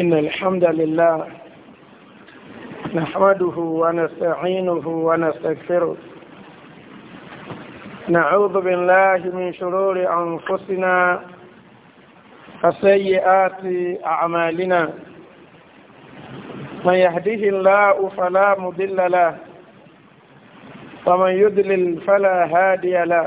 إن الحمد لله نحمده ونستعينه ونستغفره نعوذ بالله من شرور أنفسنا وسيئات أعمالنا من يهده الله فلا مضل له ومن يضلل فلا هادي له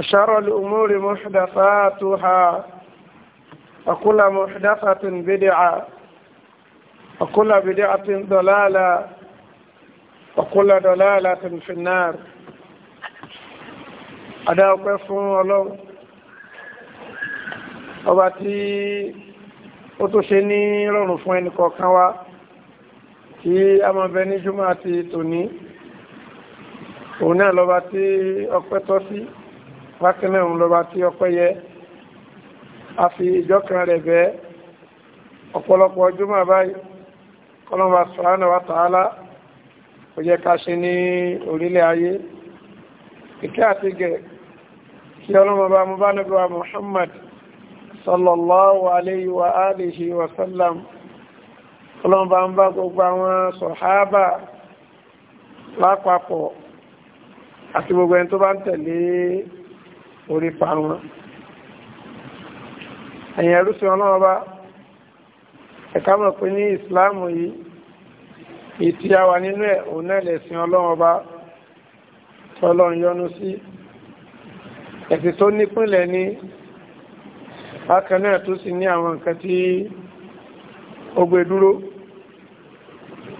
شر الأمور محدثاتها وكل محدثة بدعة وكل بدعة ضلالة وكل ضلالة في النار أدعو كفون الله ọba tí ó tó ṣe ní rọrùn fún ẹnìkọ̀ọ̀kan wa tí a máa bẹ ní jùmọ̀ àti tòní òun náà lọ́ba tí ọpẹ́ tọ́ sí bákan náà lọ́ba tí ọpẹ́ yẹ a fi ìjọ kan rẹ̀ bẹ́ ọ̀pọ̀lọpọ̀ ọdún máa báyìí kọ́lọ́mà sọ̀rọ̀ wa tààlà kò yẹ ká ṣe ní orílẹ̀ ayé ìkẹ́ àti gẹ̀ kí ọlọ́mà bá mú bá níbi wa Muhammad sallallahu alayhi wa alihi wa sallam ọlọ́mà bá ń bá gbogbo àwọn sọ̀hábà lápapọ̀ àti gbogbo ẹni tó bá ń tẹ̀lé orí parun ẹ̀yìn ẹrúsìn ọlọ́run bá ẹ̀ka mọ̀ pé ní ìsìláàmù yìí ìtì àwà nínú ẹ̀ òun náà lẹ̀sìn ọlọ́run bá tọ́lọ́run yọ́nú sí ẹ̀sìn tó nípìnlẹ̀ ní bákan náà tó sì ní àwọn nǹkan tí ó gbé dúró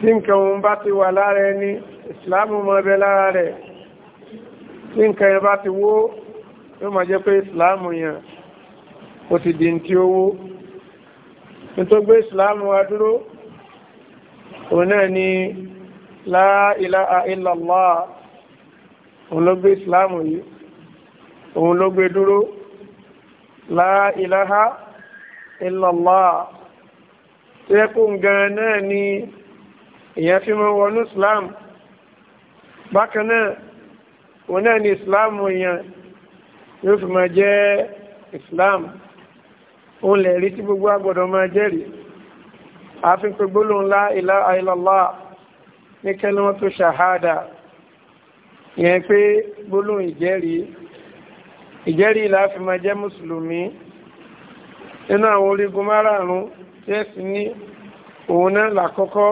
tí nǹkan òun bá ti wà lára ẹni ìsìláàmù mọ́ bẹ lára rẹ̀ tí nǹkan ẹ bá ti wó yóò máa jẹ́ pé ìsìláàmù yẹn ó ti di ti owó nítorí gbé ìsìláàmù wa dúró òun náà ni la ilaha illallah òun ló gbé ìsìláàmù yìí òun ló gbé dúró la ilaha illallah tó yẹ kó gan náà ni èèyàn fi máa wọnú ìsìláàmù bákan náà òun náà ni ìsìláàmù yẹn yóò fi máa jẹ́ islam òun lè rí tí gbogbo agbọ́dọ̀ máa jẹ́rìí àfin pé gbólóhùn la ilaha illallah ní kẹ́lọ́wọ́n tó ṣàhádà yẹn pé gbólóhùn ìjẹ́rìí ìjẹ́rìí la fi máa jẹ́ mùsùlùmí nínú àwọn orígun márààrún tí ẹ̀sìn ní òun náà làkọ́kọ́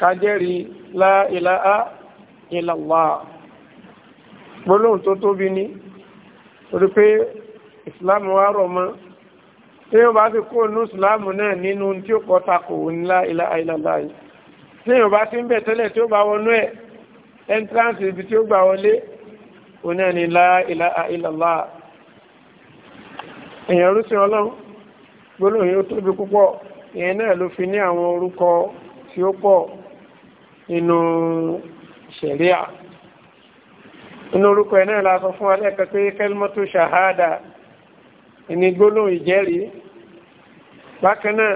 kájẹ́rìí la ilaha illallah gbólóhùn tó tóbi ní torí pé ìsìláàmù wa rọ̀ mọ́ tí yóò bá ti kó inú ìsìláàmù náà nínú tí ó kọ́ takò ńlá ilá ìlàlá yìí tí yóò bá ti ń bẹ̀ tẹ́lẹ̀ tí ó bá wọnú ẹ̀ entrance ibi tí ó gbà wọlé òní ẹni ilá ìlàlá èèyàn rúṣin ọlọ́run gbólóhùn yóò tóbi púpọ̀ ìyẹn náà ló fi ní àwọn orúkọ tí ó pọ̀ nínú ṣẹ̀ríà inú orúkọ ẹ̀ náà la sọ fún alẹ́kẹ́ pé kẹ́lmọ́tò ṣàhádà ìní gbólóhùn ìjẹ́rìí bákan náà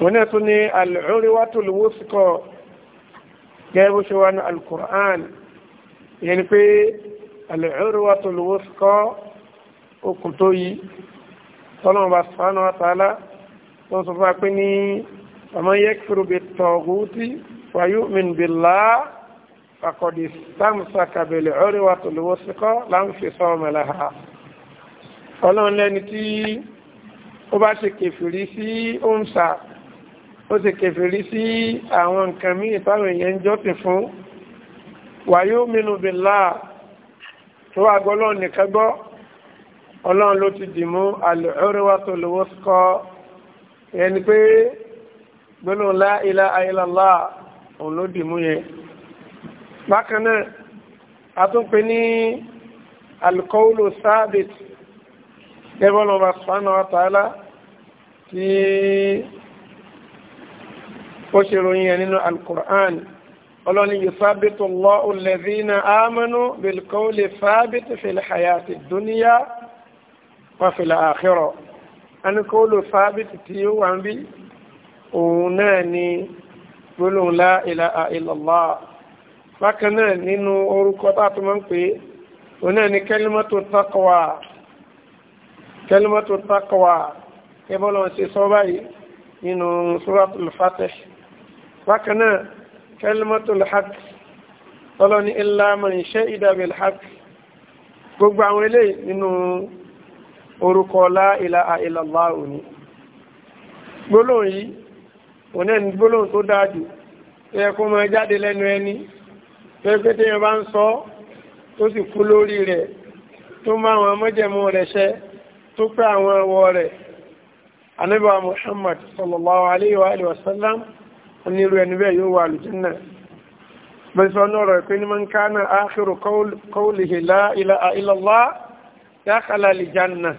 wọ́n náà tún ní al-urwatul wusqa gẹ́gẹ́ bó ṣe wà ní al-Qur'an ìyẹn ni pé al-urwatul wusqa okùn tó yí tọ́lọ́mọba subhanahu wa tó ń sọ fún wa pé ní faman yakfur bit-taghuti wa yu'min billah. فقد استمسك بالعروة الوثقى لا انفصام لها ọlọ́run lẹ́ni tí ó bá ṣe kèfìrí sí òǹsà ó ṣe kèfìrí sí àwọn nǹkan mí ìtàwọn èèyàn jọ́sìn fún wa yu'minu billah tó wà ọlọ́run ló ti dìmú al-urwatul wusqa yẹn ni pé gbọ́nà la ilaha illallah òun ló dìmú yẹn bákan náà a tún pè ní alkọ́ọ̀lù sáàbìt gẹ́gọ́lù ọba sùfánà ọ̀tàálá tí ó ṣe ròyìn ẹ̀ nínú alkùrán ọlọ́ni yóò sábìtò lọ olèzínà ámánú bilkọ́ọ̀lù sáàbìt fìlhàyàtì dúníyà wà fìlà àkírọ̀ alkọ́ọ̀lù sáàbìt tí ó wà ń bí òun náà ni gbólóhùn la ilaha bákan náà nínú orúkọ tá a tó máa ń pè é òun náà ni kẹlímọ́tò takọ̀wà kẹlímọ́tò takọ̀wà kẹbọ́lọ́ ṣe sọ báyìí nínú suratul fatih bákan náà kẹlímọ́tò lhaq tọ́lọ́ ní illa man shahida bil gbogbo àwọn eléyìí nínú orúkọ la ilaha illallah gbólóhùn yìí òun náà ni gbólóhùn tó dáa jù ẹ kó máa jáde lẹ́nu ẹni pẹ́pẹ́ tí wọ́n bá ń sọ tó sì kú lórí rẹ̀ tó má àwọn mọ́jẹ̀mú rẹ̀ ṣẹ́ tó pẹ́ àwọn ẹwọ rẹ̀ anábà Muhammad sallallahu alayhi wa alihi wa sallam onírú ẹni bẹ́ẹ̀ yóò wà lùjánà bẹ́sọ̀ ní man kana akhiru qawlihi la ilaha illallah dakhala al-janna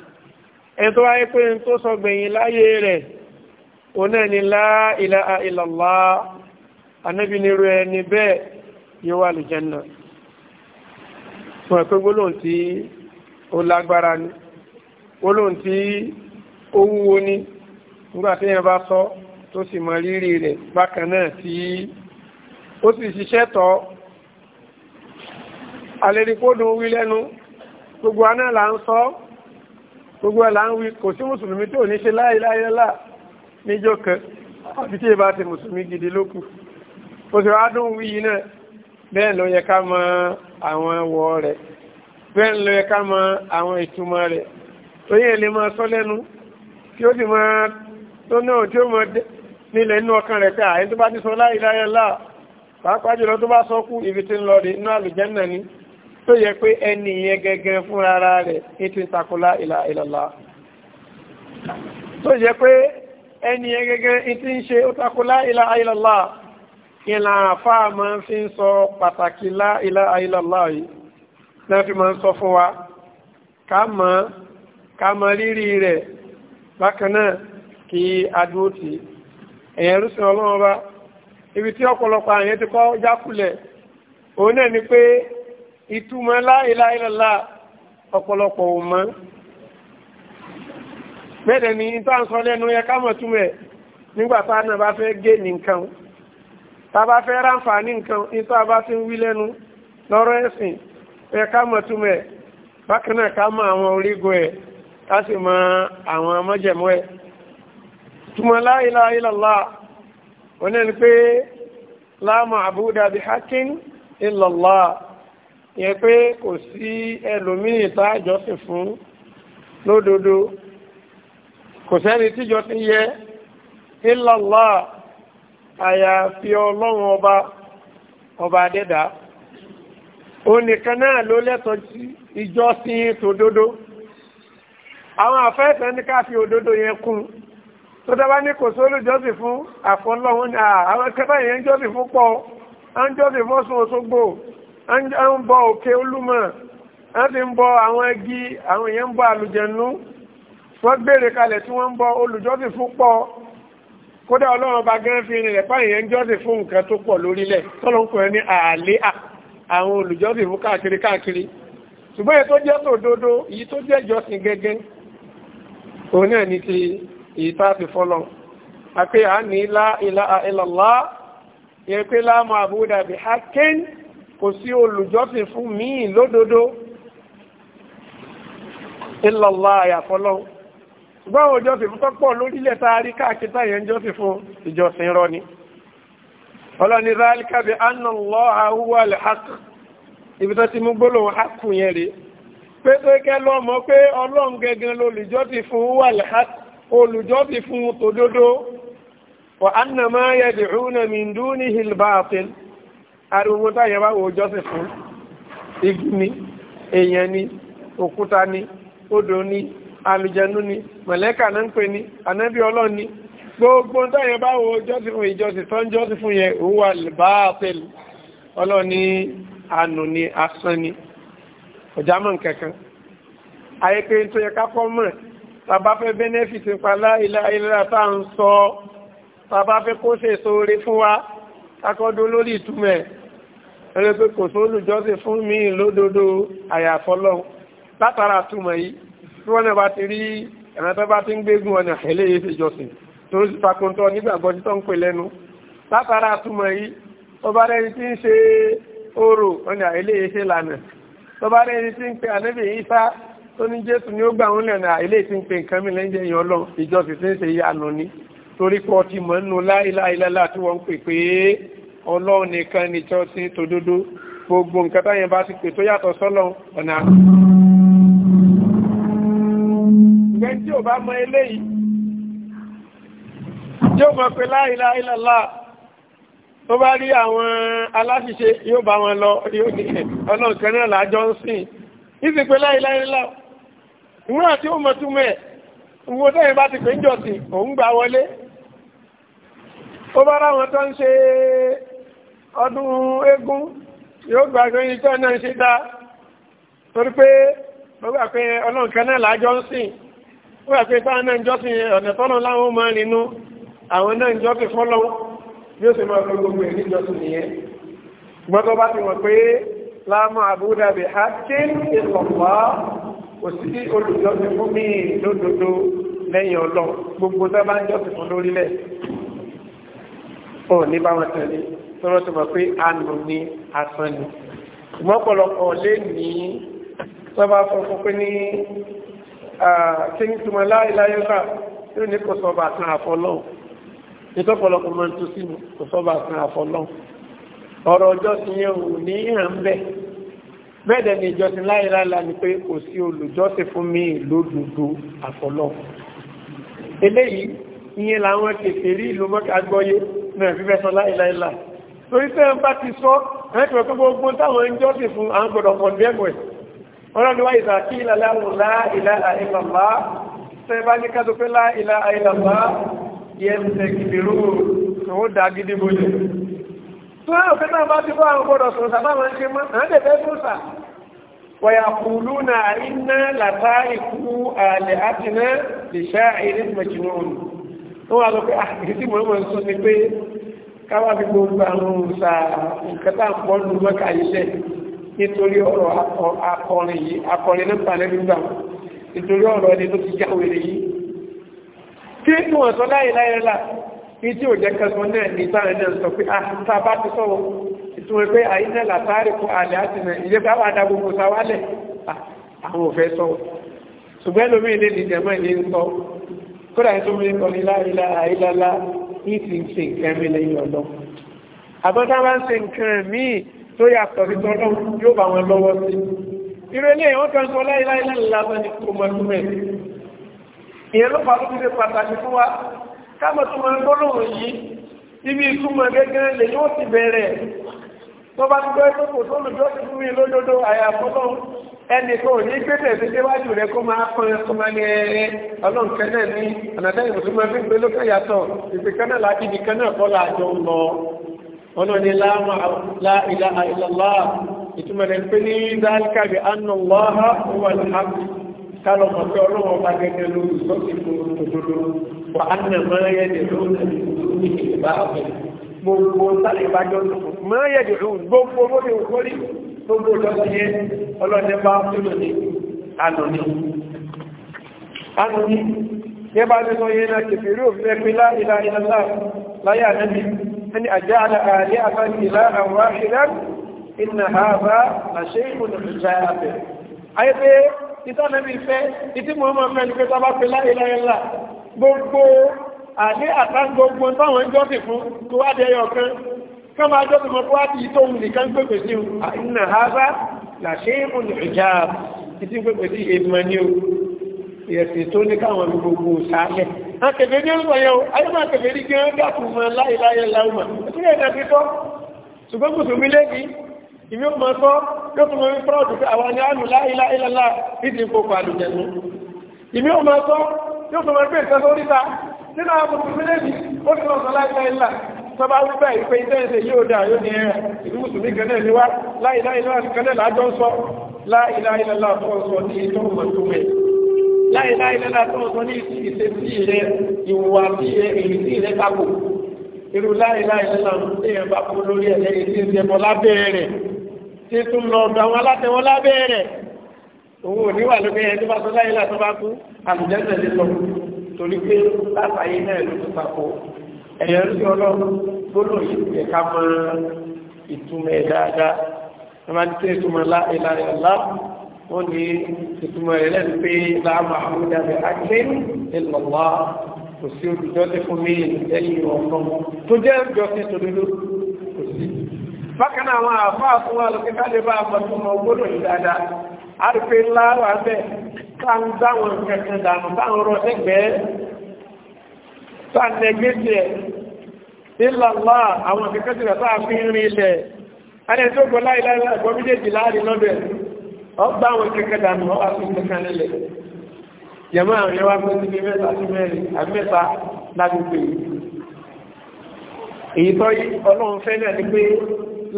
yóò wà lè jẹ́nà wọ́n pé gbólóhùn tí ó lágbára ni gbólóhùn tí ó wúwo ni nígbà tí yẹn bá sọ tó sì mọ rírì rẹ̀ bákan náà tí ó sì ṣiṣẹ́ tọ́ alẹ́rìkódùn wí lẹ́nu gbogbo aná là ń sọ gbogbo ẹ̀ là ń wí kò sí mùsùlùmí tó ní ṣe láìláìlá níjọ́ kan àbí tí ìbá ti mùsùlùmí gidi lókù ó sì wá náà bẹ́ẹ̀ ló yẹ ká mọ àwọn ẹwọ rẹ̀ bẹ́ẹ̀ ló yẹ ká mọ àwọn ìtumọ̀ rẹ̀ oyè lè máa sọ lẹ́nu tí ó sì máa tó náà tí ó mọ nílẹ̀ inú ọkàn rẹ̀ pé àyè tó bá ti sọ la ilaha illallah pàápàá jùlọ tó bá sọ kú ibi tí ń lọ rí inú àlùjánnà ni tó yẹ pé ẹni yẹn gẹ́gẹ́ fúnra rẹ̀ ètò ìtakò la ilaha illallah tó yẹ pé ẹni yẹn gẹ́gẹ́ ètò ìṣe ó takò la ilaha illallah ìlà àfáà máa fi ń sọ pàtàkì lá ilaha illallah yìí náà fi máa ń sọ fún wa ká mọ̀ ká mọ rírì rẹ̀ bákan náà kí adúró tì í ẹ̀yẹn rúṣin ọlọ́run bá ibi tí ọ̀pọ̀lọpọ̀ àyẹn ti kọ́ jákulẹ̀ òun náà ni pé ìtumọ̀ lá ilaha ọ̀pọ̀lọpọ̀ ò mọ̀ bẹ́ẹ̀ ni ìtàn sọ lẹ́nu yẹ ká mọ̀ nígbà tá a náà bá fẹ́ gé nìkan tàbá fẹ́ ráǹfààní nǹkan nítorí àbá ti ń wí lẹ́nu lọ́rọ̀ ẹ̀sìn ẹ ká mọ̀ túmọ̀ ẹ̀ bákan náà ká mọ̀ àwọn orígun ẹ̀ ká sì mọ̀ àwọn mọ́jẹ̀mú ẹ̀. túmọ̀ la ilaha illallah wọn ní pé la ma'buda bi haqqin illallah yẹ pé kò sí ẹlòmíì tá a jọ́sìn fún lódodo kò sẹ́ni tíjọ́ àyàfi ọlọ́run ọba ọba adẹ́dà onìkan náà ló lẹ́tọ̀ọ́ sí ìjọsìn tòdodo àwọn àfẹ́ẹ̀fẹ́ ní ká fi òdodo yẹn kún tó dábá ní kò sí olùjọ́sìn fún àfọlọ́run ní àwọn kẹfà yẹn ń jọ́sìn fún pọ̀ ń jọ́sìn fún Ọ̀ṣun Òṣogbo ń bọ òkè Olúmọ̀ wọ́n ti ń bọ àwọn igi àwọn èèyàn ń bọ àlùjẹ̀nú wọ́n gbére kalẹ̀ tí wọ́n ń bọ olùjọ́sìn fún pọ̀ kódà ọlọ́run bá gán fi rìn rẹ̀ fáyẹn ń jọ́sìn fún nǹkan tó pọ̀ lórílẹ̀ tọ́lọ́nkùnrin ní àlé à àwọn olùjọ́sìn fún káàkiri káàkiri ṣùgbọ́n èyí tó jẹ́ tòdodo èyí tó jẹ́ ìjọsìn gẹ́gẹ́ òun náà ní ti èyí tá a ti fọ́lọ́ àpé à ní lá ilaha illallah yẹn pé lá maabuda bi haqqin kò sí olùjọ́sìn fún míì lódodo illallah àyàfọ́lọ́hùn ṣùgbọ́n àwọn ìjọsìn fún tọ́pọ̀ lórílẹ̀ taari káàkítà yẹn jọ́sìn fún ìjọsìn rọ ni ọlọ́ni zalika bi anna Allaha huwa al-haq ibi tó ti mú gbólóhùn haqq yẹn rèé pé tó kẹ́ lọ́mọ pé ọlọ́run gẹ́gẹ́ lolùjọ́sìn fún fún tòdodo wa anna ma yad'una min dunihi al-batil ariwo táyẹ bá wò jọ́sìn fún igi ni àlùjẹ̀nu ni mọ̀lẹ́kà náà ń pè ní ànábì ọlọ́run ni gbogbo táyẹn bá wo jọ́sìn fún ìjọsìn tó ń jọ́sìn fún yẹn òun wà báàpẹ̀lú ọlọ́run ní ànù ni asán ni ọ̀jámọ̀ kankan ayé pé tó yẹ kápọ́ mọ̀ tàbá fẹ́ benefit nípa láìlá ìlera ń sọ tàbá kó ṣe sóore fún wa kákọ́dó lórí ìtumẹ̀ ẹ̀rẹ́ pé kò sólùjọ́sìn fún mi lódodo àyàfọ́lọ́hun látara túmọ̀ yìí tí wọ́n náà bá ti rí ẹ̀rọ tó bá ti ń gbégún ọ̀nà eléyìí ṣe jọsìn tó ń takuntọ́ nígbàgbọ́ tí tó ń pè lẹ́nu látara àtúmọ̀ yìí tó bá rẹni tí ń ṣe orò ọ̀nà eléyìí ṣe lànà tó bá rẹni tí ń pe ànábì Ìsá tó ní Jésù ni ó gbà wọn lẹ́nu eléyìí tí ń pe nǹkan mi lẹ́yìn ẹ̀yìn ọlọ́run ìjọsìn tí ń ṣe yanu ni torí pé ọtí mọ̀ nínú láìláìlá tí wọ́n ń pè pé ọlọ́run nìkan ni ìjọsìn tòdodo gbogbo nǹkan táyẹn bá ti pè tó yàtọ̀ sọ́lọ́ ọ̀nà ṣùgbẹ́ tí ò bá mọ eléyìí tí ó mọ̀ pé la ilaha illallah tó bá rí àwọn aláṣìṣe yóò bá wọn lọ ọlọ́nkan náà lájọ́ ń sìn ìsìn pé la ilaha illallah ìwúrà tí ó mọ̀ túmẹ̀ ìwò tẹ́yìn bá ti pè ń jọ̀sìn òun gbà wọlé ó bá ráwọn tó ń ṣe ọdún eégún yóò gbà pé ìjọ ń ṣe dá torí pé gbogbo náà lájọ́ ń sìn wúrà pé bá náà jọ́ sí ọ̀nà tọ́nà láwọn máa rìnú àwọn náà jọ́ sí fọ́lọ́ bí ó sì máa fẹ́ gbogbo ẹ̀ níjọ́ sí nìyẹn gbọ́dọ̀ bá ti mọ̀ pé láàmú àbúdá bẹ̀ á ké ìlọ̀pá kò sí olùjọ́sí fún mi lódodo lẹ́yìn ọlọ́ gbogbo tó bá ń jọ́sí fún lórílẹ̀ ọ̀ ní bá wọn tẹ̀lé tọ́rọ tó mọ̀ pé àánú ní asán ni ìmọ̀pọ̀lọpọ̀ lé ní tọ́ba fọ́fún pé ní kí n túmọ̀ láìláyé bá yóò ní kò sọ́ba kan àfọlọ́ nítọ́pọ̀lọpọ̀ máa ń tó sínú kò sọ́ba kan àfọlọ́ ọ̀rọ̀ ọjọ́ sí yẹn ò ní hàn bẹ́ẹ̀ bẹ́ẹ̀ dẹ̀ ni ìjọsìn láìláìlá ni pé kò sí olùjọ́sìn fún mi lódodo àfọlọ́ eléyìí ìyẹn làwọn kèfèrí ìlú mọ́kà gbọ́yé náà fífẹ́ sọ láìláìlá torí tẹ́ ń bá ti sọ ẹ̀ẹ́kọ̀ọ́ gbogbo táwọn ń jọ́sìn fún àwọn gbọ́dọ̀ kọ̀ndẹ́mù ẹ̀ ọlọ́dúnwá ìzàkí ìlàláwò láìlá àìlàmá tẹ́ bá ní kájọ pé láìlá àìlàmá yẹnsẹ̀ ìbèrú tó dá gidi bolẹ̀ tó rẹ̀ òfin náà bá ti bọ́ àwọn gbọ́dọ̀ sọ̀rọ̀ sábà máa ń ṣe mọ́ àwọn ẹ̀dẹ̀ fún sà wọ̀yà kùlú na iná làtà ni pé káwá fi gbogbo àwọn òòsà nǹkan tá nítorí ọ̀rọ̀ akọrin yìí akọrin nípa lẹ́gbẹ̀gbà nítorí ọ̀rọ̀ ẹni tó ti jáwèrè yìí tí ní wọ́n sọ láyé láyẹ́lá ní tí ò jẹ́ kẹsàn náà ní sáàrin náà sọ pé àtà ah, bá ti sọ́wọ́ ìtumọ̀ pé àyínà látàrí kó àlẹ́ àti nà ìyẹ́ bá wà dá gbogbo sáwálẹ̀ ah, àwọn òfẹ́ sọ́wọ́ ṣùgbẹ́ lómi ilé ní jẹ́mọ́ ilé ń sọ kódà tó mi kọ́ ní láyélá àyílálá ní ti ń ṣe nǹkan mi lẹ́yìn ọ̀dọ́ àbọ́tá bá ń ṣe nǹkan tó yàtọ̀ sí tọ́lọ́ yóò bá wọn lọ́wọ́ sí ìrẹ́lẹ̀ wọ́n kan sọ láìláìláìláwọ́ ní kò mọ̀ ẹ̀kú mẹ́rin ìyẹn ló fà lóbi ṣe pàtàkì fún wa káàmọ̀ tó mọ̀ gbólóhùn yìí ibi ìtumọ̀ gẹ́gẹ́ lè yóò ti bẹ̀rẹ̀ tó bá ti gbọ́ ẹ́ tó kò tó lùjọ́ ti fún mi lódodo àyàfọ́lọ́ ẹnì kan ò ní gbẹ́dẹ̀ sí déwájú rẹ kó máa pọn kó máa ní ẹrẹ ọlọ́run kan náà ní ọ̀nàdá ìmùsùlùmọ́ fi ń gbé lókè yàtọ̀ ìpè ọlọ́ni láìláha ìlàlá ìtumọ̀ rẹ̀ pé ní dáríkà bí annàláha wà láàpù kálọ̀ mọ̀ pé ọlọ́wọ́ bá gẹ́gẹ́ lórí ìsọ́sìnkú òdodo wà ánà mọ́rẹ́yẹ̀dẹ̀ lórí ìbáàbẹ̀ gbogbo sálẹ̀ ìbájọ́ mọ́rẹ́yẹ̀dẹ̀ lórí gbogbo lórí òkórí gbogbo lọ́síyẹ́ ọlọ́ni bá ní bá ní sọ yẹ́ náà kìfìrí òfin ẹgbẹ́ láìláha láyé ànàní أن أجعل آلهة إلها واحدا إن هذا لشيء عجاب أيضا ìtàn nàbí ìfẹ́ ìtí mọ̀ọ́mọ̀ fẹ́ ní pé tọ́bá fi láìláìlá gbogbo àní àtà gbogbo táwọn jọ́sìn fún tó wá dé ẹyọ kan kán máa jọ́sìn mọ́ wá ti tó nìkan gbogbo sí ìnà àbá làṣẹ ìmùn ìjà ìtí gbogbo sí èèmọ̀ ní o ìyẹ̀sìn tó ní káwọn gbogbo sáálẹ̀ akẹ̀fẹ́ ní ọ̀pọ̀ yẹn o ayọ́mọ̀ akẹ̀fẹ́ ní gẹ́rẹ́ dákùn mọ́ láìláyẹ̀ láwùmọ̀ ìpínlẹ̀ ẹ̀dà fi tọ́ ṣùgbọ́n mùsùlùmí lẹ́bi ìmí ó máa tọ́ yóò tún mọ́ fúráùdù pé àwọn ni àánú láìláìlá ìdí ìfòkò àlùjẹ̀nu ìmí ó máa tọ́ yóò tún mọ́ pé ìtọ́ sórí ta nínú àwọn mùsùlùmí lẹ́bi ó ti lọ́sọ̀ láìláìlá tọ́ba wípé ìpè ìtẹ́ẹ̀sẹ̀ yóò dáa yóò ní ẹ̀rẹ̀ ìlú mùsùlùmí kan náà ni wá láìláìlá kan náà lájọ́ sọ láìláìlá tó ń sọ ní ìtọ́ láìláì lẹ́la tó sọ ní ìṣesí rẹ ìwà bí èyí rẹ kápò irú láìláì lẹ́la tó yẹn bá kú lórí ẹ̀lẹ́ èyí ti ẹ̀mọ́ lábẹ́ rẹ̀ tí tún lọ ọ̀dọ̀ àwọn alátẹ̀wọ́ lábẹ́ rẹ̀ òun ò níwà lókè ẹni bá sọ láìláì tó bá kú àlùjẹ́sẹ̀ lè sọ torí pé látàyé náà ló ti papọ̀ ẹ̀yẹ ń sọ lọ gbọ́dọ̀ wọ́n ní ìtumọ̀ rẹ̀ lẹ́nu pé láàmú àbúdá rẹ̀ àgbẹ̀ ìlọ́wà kò sí olùjọ́ tí fún mi lẹ́yìn ọ̀kan tó jẹ́ ìjọ sí tòdodo kò sí. bákan náà àwọn àfáà fún wa lókè káde bá àpọ̀tún ọmọ gbọ́dọ̀ yìí dáadáa a rí pé láwàá bẹ́ẹ̀ ká ń ọgbà àwọn kẹ̀kẹ́ dànù ọwọ́ àti kẹ̀kẹ́ lẹ́lẹ̀ jẹ̀mọ́ àwọn yẹn wá pé ti fi mẹ́ta sí mẹ́rin àbí mẹ́ta lágbègbè yìí èyí tọ́ yí ọlọ́run fẹ́ náà ni pé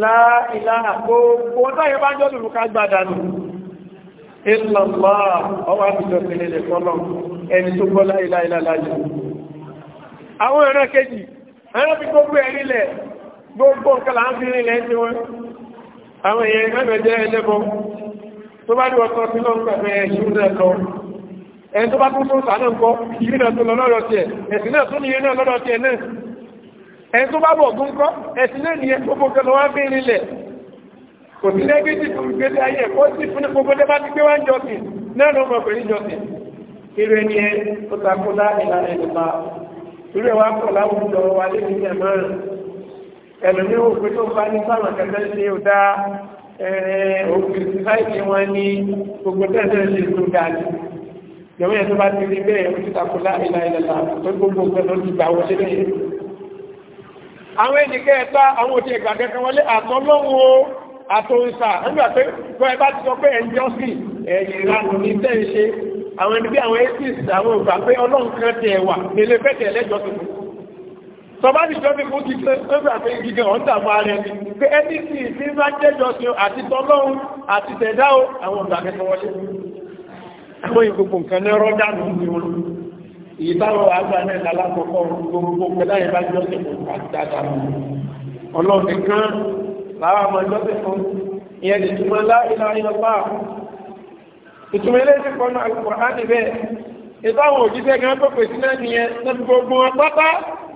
láìlá gbogbo táyé bá jọ́ lùrù ká gbà dànù ìlànà ọwọ́ àbìjọ pẹ̀lẹ̀ fọ́lọ́ ẹni tó gbọ́ láìlá ìlàlájì àwọn ẹ̀rọ kejì ẹ̀rọ fi gbogbo ẹ̀rí lẹ̀ gbogbo nǹkan láàá fi rí lẹ́ tó bá ní ọkọ̀ sí lọ ń pẹ̀fẹ́ ìṣúrú náà lọ ẹni tó bá tún tó sàánà ń kọ́ ìṣúrú náà tó lọ lọ́rọ̀ tiẹ̀ ẹ̀sìn náà tó nìyẹn náà lọ́rọ̀ tiẹ̀ náà ẹni tó bá bọ̀ gún kọ́ ẹ̀sìn náà nìyẹn gbogbo kẹlọ wá bí rinlẹ̀ kò sí lẹ́gbẹ́jì fún ìgbésí ayé ẹ̀kọ́ sí fún gbogbo tẹ́ bá ti gbé wá ń jọsìn náà ló mọ̀ pẹ̀lú ìjọsìn irú ẹni ẹ ó takó láìla ẹ̀dùnmá irú ẹ wá pọ̀ òfin tó bá ní sáwọn kẹfẹ́ ṣe ò dáa òkìrìsì fáìsì wọn ní gbogbo tẹ́sẹ̀ ṣe tó dáadé ìjọba yẹn tó bá ti rí bẹ́ẹ̀ ó ti takò láìlà ìlàlà tó gbogbo nǹkan tó ti gbà wọ́n ṣe lẹ́yìn. àwọn ènìkẹ́ ẹ̀ta àwọn òtí ẹ̀gbà kẹ́kẹ́ wọlé àtọ́lọ́wọ́ àtòǹsà nígbà pé bọ́ ẹ bá ti sọ pé ẹ̀ ń jọ́sì ẹ̀yìn ìlànà ní tẹ́ ń ṣe àwọn ẹni bí àwọn atheist àwọn ògbà pé ọlọ́run kan ti ẹ̀wà nílé fẹ́tẹ̀ ẹlẹ́jọ́sìn sọba ti jọ́ ti kú ti pé pépà pé gígan ọ̀n tà máa rẹ̀ pé ẹni tí ìsí bá jẹ́jọ́ sí o àti tọ́lọ́run àti tẹ̀dá o àwọn ọ̀gá kẹfẹ́ wọlé àwọn ìgbogbo nǹkan ní rọ́dà ló ń wọlé èyí táwọn àgbà náà lálákọ̀ọ́kọ́ gbogbo pẹ̀lá yẹn bá jọ́ sí kú àti dáadáa mú ọlọ́run nìkan láwọn ọmọ ẹjọ́ sí fún ìyẹn lè túmọ̀ láìlà ìlọ́pàá ìtumọ̀ eléyìí kọ́nà àlùkò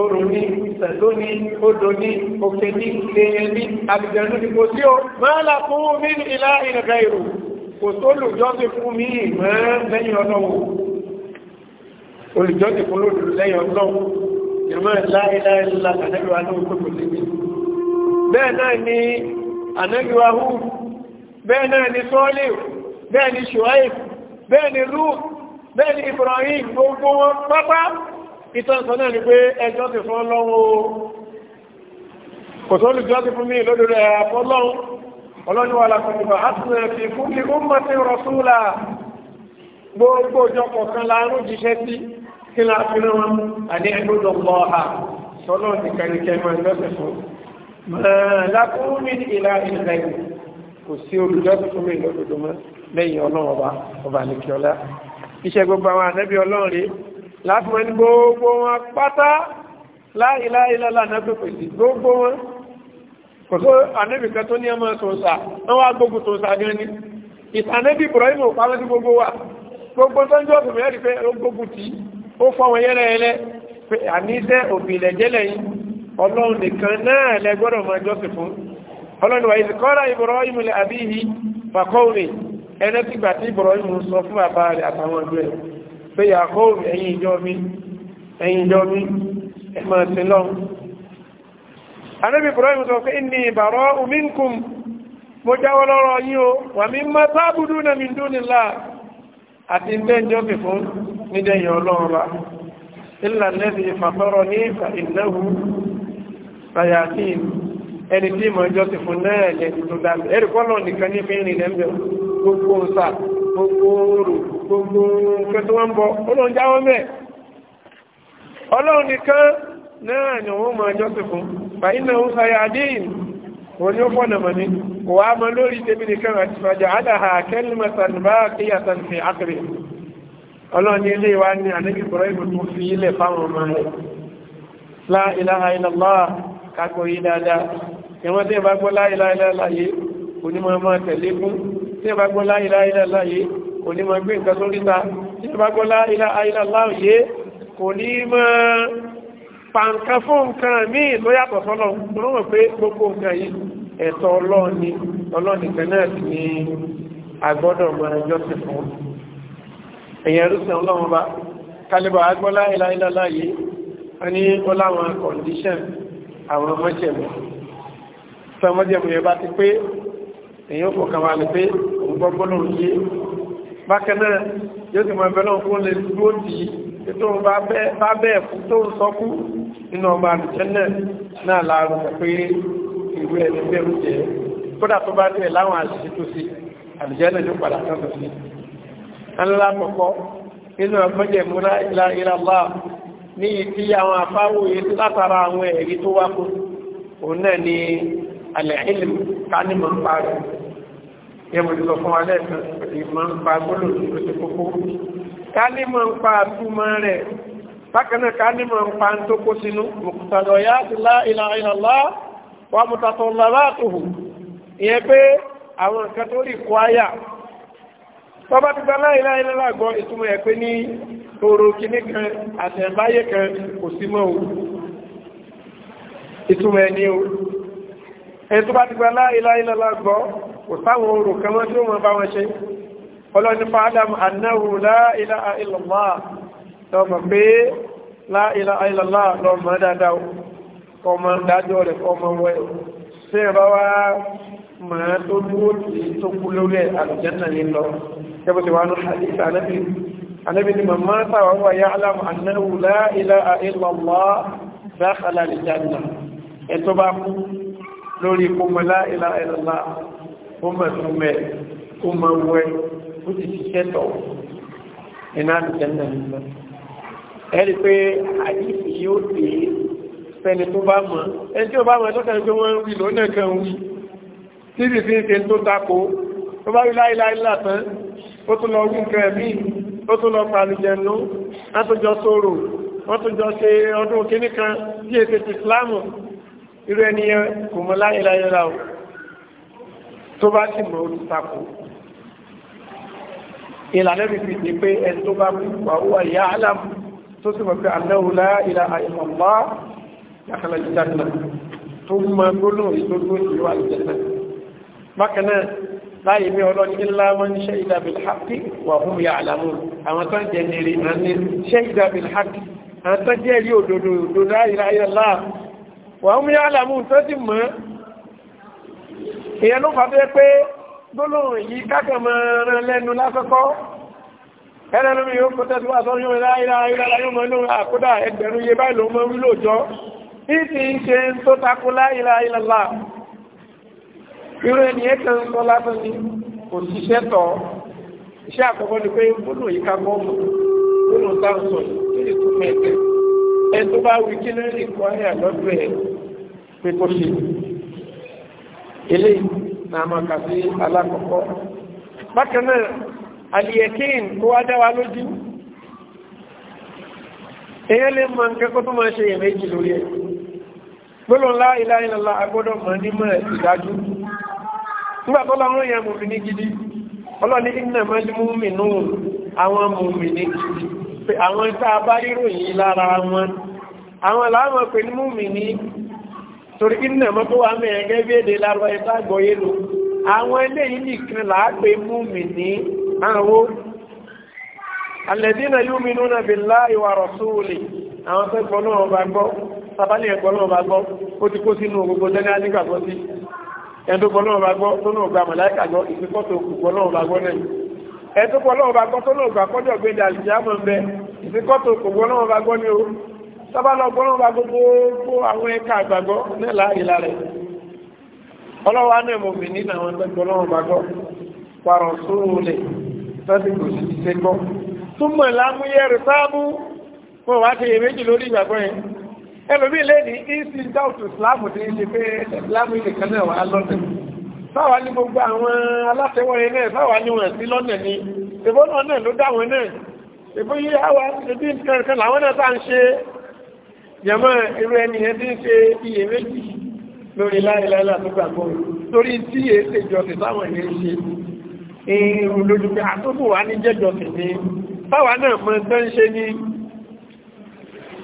orò ní ìsẹ̀tó ní odò ní òkè ní èèyàn ní àbìjẹ̀nú ní kò sí o máa là fún mi ní ilá ìrẹ̀gẹ̀ ìrù kò tó lùjọ́sìn fún mi ìmọ̀ lẹ́yìn ọlọ́wọ́ olùjọ́sìn fún lòdù lẹ́yìn ọlọ́wọ́ ìmọ̀ láìláìlá àdẹ́lúwa ní òkú kò síbi bẹ́ẹ̀ náà ni ànẹ́lúwa hù bẹ́ẹ̀ náà ni sọ́ọ́lì bẹ́ẹ̀ ni ṣùháì Ibrahim gbogbo wọn pápá ìtọ́sọ náà ni pé ẹjọ́ ti fún ọlọ́run kò tó lùjọ́ ti fún mí lórí rẹ̀ àfọ́lọ́run ọlọ́run wà lásìkò àtúnṣe ti fún ní ọmọdé rọ̀súlà gbogbo ọjọ́ kọ̀ọ̀kan láàrún jíṣẹ́ sí kí la fi wọn àní ẹgbẹ́dọ̀ lọ ha sọlọ́ ti kẹ́ríkẹ́ máa ń lọ́sẹ̀ fún lákùnrin mi ìlà ìlà ìlú kò sí olùjọ́ ti fún mi lódodo mọ́ lẹ́yìn ọlọ́run ọba ọba láti wọn ní gbogbo wọn pátá láìláìlálà náà pẹ̀pẹ̀ sí gbogbo wọn kò tó anẹ́bìkan tó ní ọmọ tòǹsà wọ́n wá gbogbo tòǹsà gan ni ìtànẹ́bì Ibrahim ò pàmọ́ sí gbogbo wa gbogbo tó ń jọ́ ọ̀sùn mẹ́rin pé ó gbogbo tí ó fọ́ wọn yẹ́lẹ́ yẹ́lẹ́ pé àníṣẹ́ òbí ilẹ̀jẹ́lẹ̀ yìí ọlọ́run nìkan náà lẹ gbọ́dọ̀ máa jọ́sìn fún ọlọ́run wa ìsìkọ́ra Ibrahim lè àbí yìí fàkọ́wé ẹnẹ́tìgbà tí Ibrahim sọ fún bàbá rẹ̀ àtàwọn ọdún ẹ̀ pé yàkó ẹ̀yìn ìjọ mi ẹ̀yìn ìjọ mi ẹ̀mọ̀ sí lọ anábì Ibrahim sọ pé ní ìbàrọ̀ minkum mo jáwọ́ lọ́rọ̀ yí o wà mí mọ́ sáàbùdú na mi dúnilá àti ìdẹ́jọ́ fi fún nídẹ̀yìn ọlọ́ọ̀rọ̀ ilà lẹ́sì ìfàtọ́rọ̀ ní ìfà ìnáwó sayatin ẹni tí mọ̀ ìjọ ti fún náà lẹ́sì tó dáa ẹ̀rì kọ́lọ̀ nìkan ní fi ń rìn lẹ́mbẹ̀ẹ́ gbogbo ọ̀sà gbogbo orò gbogbo kẹtọ́ wọn bọ ọlọ́run jáwọ́ mẹ́ ọlọ́run nìkan náà ni wọ́n máa jọ́sìn fún báyìí náà ń sáyà adéyìn wọ́n ni ó fọ́nà mọ̀ ní wà á mọ lórí tèmi nìkan àti fàjà àdáhà kẹ́lìmọ̀tàn bá kíyàtàn fi àkèrè ọlọ́run ní ilé wa ní ànábì kọ̀rọ̀ ìbò tó fi ilẹ̀ fáwọn ọmọ rẹ̀ la ilaha illallah kakọ̀ yìí dáadáa ìwọ́n tí ìbá gbọ́ la ilaha illallah yìí onímọ̀ ọmọ tẹ̀lé fún tí ẹ bá gbọ́ la ilaha illallah yé kò ní máa gbé nǹkan tó ríta tí ẹ bá gbọ́ la ilaha illallah yé kò ní máa pàǹkà fún nǹkan míì ló yàtọ̀ sọ́lọ́ ló mọ̀ pé gbogbo nǹkan yìí ẹ̀tọ́ ọlọ́ọ̀ni ọlọ́ọ̀nìkan náà sì ni agbọ́dọ̀ máa jọ́sìn fún èyí ó fọkàn wà lè pé òun gbọ́gbọ́ náà yé bákan náà yóò ti mọ ẹbẹ náà fún lè dúró dì í tó ń bá bẹ́ẹ̀ fún tó ń sọkú nínú ọba àlùjẹ́ náà náà láàrùn pé ìwé ẹni bẹ́ẹ̀ jẹ́ kódà tó bá dé láwọn àṣìṣe tó sí àlùjẹ́ náà ló padà tán tó sí. ńlá kọ̀kọ́ nínú ọgbọ́njẹ̀ múra ìlà ìlà bá ní ìdí àwọn àfáwò yìí látara àwọn ẹ̀rí tó wá fún òun náà ni alẹ́hìlì ká ní mọ̀ ń pa rẹ̀ yẹmọ̀ ti sọ fún wa lẹ́ẹ̀kan ìmọ̀ ń pa gbọ́lò tó ti kókó ká ní mọ̀ ń pa túmọ̀ rẹ̀ bákan náà ká ní mọ̀ ń pa ń tó kó sínú mùkútàdọ̀ ti lá ilà kan àtẹ̀báyé kan kò sí mọ́ o ẹni tó bá ti gba láìlá ìlàlá gbọ́ kò sáwọn orò kan mọ́ tí ó mọ́ bá wọn ṣe ọlọ́ni fàádàm annáhù láìlá ìlàlá lọ́mọ pé láìlá ìlàlá lọ́mọ dáadáa ọmọ dájọ́ rẹ̀ ọmọ wẹ́ ṣe bá wá mọ̀ tó dúró tó kú lórí àlùjẹ́nà nílọ ẹbùn ti wà ní hadith anábì bá kú lórí kọmọlá ìlàlá kọmọ̀túnmẹ̀ kọmọ̀wẹ́ ó ti ṣiṣẹ́ tọ̀ iná àdìjẹ́nà nígbà ẹ̀rí pé àdìsí yóò pè é fẹ́ni tó bá mọ̀ ẹni tí ó bá mọ̀ tó kàn pé wọ́n ń wí lónà kan wí títí sí ṣe tó tako tó bá rí láìláìlá tán ó tún lọ wí nǹkan wọ́n tún jọ ṣe ọdún kíníkan bí èsì ìsìláàmù irú ẹni yẹn kò mọ láyéláyélá o tó bá sì mọ olùtakò ìlànà bí fi di pé ẹni tó bá kú wà ó wà yá aláàmù tó sì mọ̀ pé annahu la ilaha illallah yàkàlà ìjànà tó mọ gbóná ìlógún ìlú àlùjẹ̀nà bákan náà láyé mi ọlọ́ni ńlá wọn ní ṣẹ́yìdá bilhaki wà hún ya àlàmù àwọn tó ń jẹ́ nìrí àní ṣẹ́yìdá bilhaki àwọn tó jẹ́ rí òdodo òdodo láyé láyé láà wọ́n mú yá làmú tó ti mọ́ ìyẹn ló fàbẹ́ pé gbólóhùn yìí kákàmọ́ ran lẹ́nu lásọ́kọ́ ẹlẹ́nu mi yóò kọ́tẹ́ tó wà sọ yóò rá ìrà ìrà yóò mọ́ lóhùn àkódà ẹgbẹ̀rún yé báyìí ló mọ́ wí lóòjọ́ ìsì ń ṣe tó takó láìlà ìlàlá irú ẹni ẹ kàn sọ lásán ni kò ṣiṣẹ́ tọ̀ iṣẹ́ àkọ́kọ́ ni pé gbólóhùn yìí kákọ́ mọ́ gbólóhùn táwọn sọ yìí ẹni tó bá wí kí ló lè kọ́ ẹ̀ alakọkọ. pé kó ṣe eléyìí náà máa kà sí alákọ̀ọ́kọ́ bákan náà àlìyẹ̀kín kó wá lójú èyàn lè mọ nǹkan kó tó máa ṣe èméjì lórí ẹ̀ gbọ́lọ̀ ńlá ìlànà agbọ́dọ̀ mọ̀ nímọ̀ ìdájú nígbà tó láwọn èèyàn mùmí ní gidi pé àwọn tá a bá ríròyìn lára wọn àwọn làwọn pè ní múmi ní torí kí nínú ẹ̀mọ́ tó wà mẹ́rin gẹ́gẹ́ bí èdè lárọ ẹ̀ta gbọ́yé lò àwọn eléyìí nìkan làápè múmi ní àwọn alẹ́dínà yu'minuna billahi wa rasulihi àwọn tó gbọ́ náà bá gbọ́ sábàlì ẹ̀gbọ́ náà bá gbọ́ ó ti kó sínú gbogbo lẹ́ni ẹ̀tọ́pọ̀ lọ́wọ́ bá gbọ́ tó lọ́wọ́ gbà kọ́jọ́ gbé ní àlìjáàmọ̀ ń bẹ ìfikọ́tò kò gbọ́ lọ́wọ́ bá gbọ́ ní o sábà lọ gbọ́ lọ́wọ́ bá gbogbo kó àwọn ẹ̀ka àgbàgbọ́ nílà ìlà rẹ̀ ọlọ́wọ́ á nẹ̀mọ̀ mi nínú àwọn ẹgbẹ́ lọ́wọ́ bá gbọ́ parọ̀ sóòlẹ̀ tọ́sí kò sì ṣe gbọ́ túmọ̀ lámúyẹ rẹ̀ sáàmú mo wá ṣe èméjì lórí ìgbàgbọ́ yẹn ẹlòmíì lẹ́ni ìsìn dáùtù ìsìláàmù ti ṣe pé ìsìláàmù ìdìkan náà wà lọ́dẹ̀ sáwà ní gbogbo àwọn alátẹwọ́ yẹn náà sáwà ní wọn sí lọ́nà ni èbó náà náà ló dáwọn náà èbó yí àwa ẹbí nǹkan làwọn náà sáà ń ṣe jẹmọ́ irú ẹni ẹbí ń ṣe iye méjì lórí láìláìlá tó gbàgbọ́ torí tí èé ṣe jọ́sìn táwọn èèyàn ṣe irun lójú pé àtúbù wá ní jẹ́jọ́sìn ni báwa náà mọ́ tán ṣe ní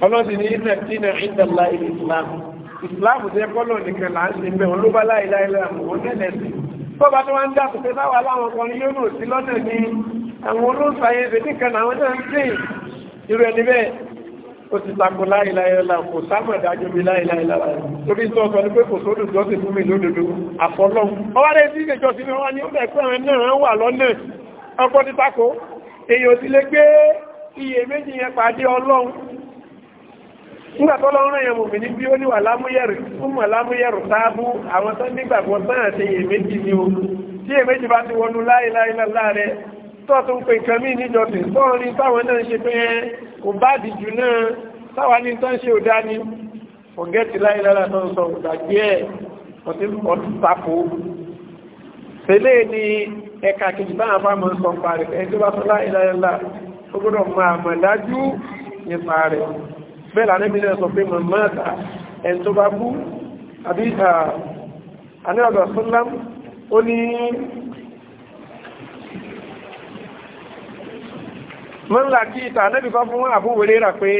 ọlọ́sìn ní ìrìnà tí náà ìdàlá ìlú ìsìlámù ìsìláàmù tó yẹ kọ́lọ̀ nìkan là ń ṣe bẹ́ẹ̀ wọn ló bá láìláìlá wọn tẹ́lẹ̀ sí tó bá tó wá ń dá pẹ̀lú báwa láwọn kan ní yóò sí lọ́nà ní àwọn olóòsàyè ẹ̀fẹ̀ nìkan àwọn náà ń pè irú ẹni bẹ́ẹ̀ ó ti tako láìláìlá kò sámọ̀ ìdájọ́ mi láìláìlá torí sọ sọ ní pé kò sódù tó ti fún mi nígbàtọ́ lọ rán ẹ̀mù mi ní bí ó níwà lámúyẹ̀rù fúnmọ̀ lámúyẹ̀rù sáábú àwọn tó nígbàgbọ́ sáà ṣe èméjì ni o tí èméjì bá ti wọnú láìláìlá rẹ tó tún pè nǹkan mí níjọ tè sọ́ọ̀rin táwọn náà ṣe pé kò bá dìjú náà táwa ní tán ṣe òdá ni fọ̀gẹ́tì láìláìlá tó ń sọ òdàgbé ẹ̀ ọtí ọ̀tàkó tẹ́lẹ̀ ni ẹ̀ka kejì báwọn fáwọn sọ parí ẹni tó bá sọ láìláìlá ó gbọ́dọ̀ máa mọ̀ dájú nípa rẹ̀ bẹ́ẹ̀ lànẹ́bí náà sọ pé mọ̀ mọ́ta ẹni tó bá kú àbí àníwàgbà sọ́lám ó ní mọ́nlá kí ìta ànẹ́bí kọ́ fún àbúwẹ̀rẹ́ rà pé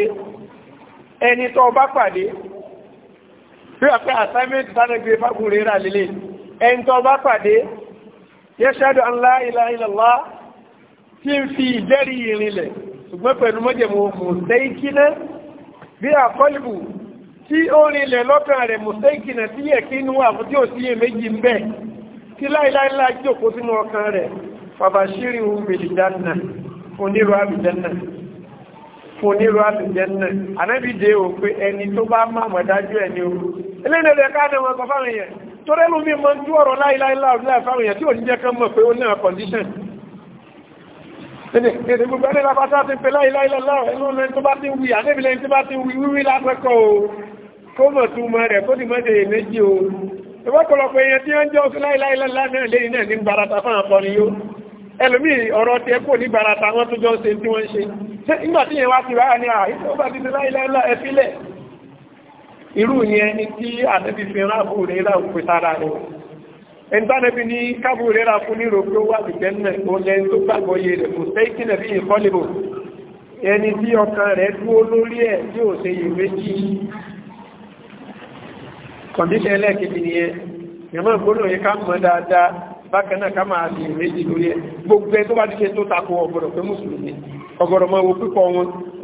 ẹni tó bá pàdé bí wà pé assignment tánàgbé fábúrẹ́ rà lélẹ̀ ẹni tó bá pàdé yashhadu an la ilaha tí ń fi ìjẹ́rìí ìrìnlẹ̀ ṣùgbọ́n pẹ̀lú mọ́jẹ̀mọ́ mọ̀ bí àkọlù tí ó rinlẹ̀ lọ́kàn rẹ̀ mùsẹ́kìnà tí yẹ kí inú àfún tí ò sí èméjì ń bẹ̀ kí láìláìlá jòkó sínú ọkàn rẹ̀ fàbàṣírí bèlìdánà onírò àbìdánà onírò àbìdánà anábìdé ò pé ẹni tó bá má mọ̀ dájú ẹni o eléyìí lè ká ní wọn kọ fáwọn èèyàn torí ẹlòmíì mọ́ ń tú ọ̀rọ̀ láìláìlá ọ̀dúnláì fáwọn èèyàn tí ò ní jẹ́ kán mọ̀ pé ó ní àkọ̀ndíṣàn Èdè gbogbo ẹni lápátá ti pè láìláìlọ́lọ́ ẹnu lẹ́ni tó bá ti wí, àdébìlẹ́ni tó bá ti wí wíwí lápẹ́kọ̀ọ́ kó mọ̀ tún mọ́ rẹ̀ kó dì mọ́ dèrè méjì o. Ìwọ́pọ̀lọpọ̀ èèyàn tí wọ́n jẹ́ oṣù láìláìlọ́lá náà lẹ́yìn náà ní barata fún àkọni yóò. Ẹlòmí ọ̀rọ̀ tí ẹ kò ní barata wọ́n tó jọ ń ṣe tí wọ́n ṣe. Nígbà tí yẹn wá ti rárá ní àà ìṣọ́bà ti ti láìláìlá ẹ fílẹ̀. Irú yẹn ni tí àdébì fi rán àbúrò rẹ̀ láwùpẹ̀ sára rẹ̀ ẹnitánẹ́bí ní kábù rẹ́ra fún ní rògbò wà lùjẹ́nà ọlẹ́ tó gbàgbọ́ yé rẹ̀ kò sẹ́yìn kílẹ̀ bí ìkọlìbò ẹni tí ọkàn rẹ̀ dúó lórí ẹ̀ tí ò ṣe yè méjì kọ̀ndíṣẹ́ ẹlẹ́ẹ̀kejì nìyẹn ìrọ̀mọ́ ìgbóná yẹ ká mọ̀ dáadáa bákan náà ká máa ṣe yè méjì lórí ẹ̀ gbogbo ẹ tó bá díṣe wọn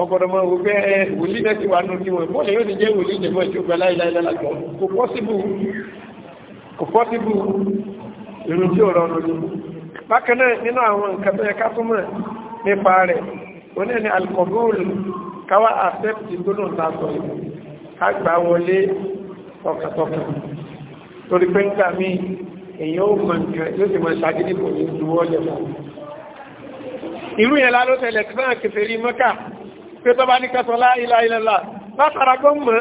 ọ̀gbọ̀dọ̀ mọ̀ wo pé wòlíì náà ti wà nù kí wọn bọ́ọ̀lù yóò kò pọ́síbù ìrùn tí ò rọrùn ní bákan náà nínú àwọn nǹkan tó yẹ ká túmọ̀ nípa rẹ̀ ó ní ní alkọ̀bùrù káwá àfẹ́pì gbónà lásọ ìlú ká gbà wọlé tọkàtọkà torí pé nígbà míì èyàn ó mọ nǹkan yóò sì mọ ṣàgídí kò ní ju wọ́lẹ̀ mọ́ ìlú yẹn lálọ́ tẹ̀lẹ̀ tí náà kẹfẹ́ rí mọ́kà pé tọ́ bá ní kẹsàn lá ilá ilẹ̀ lá látara gbọ́n mọ́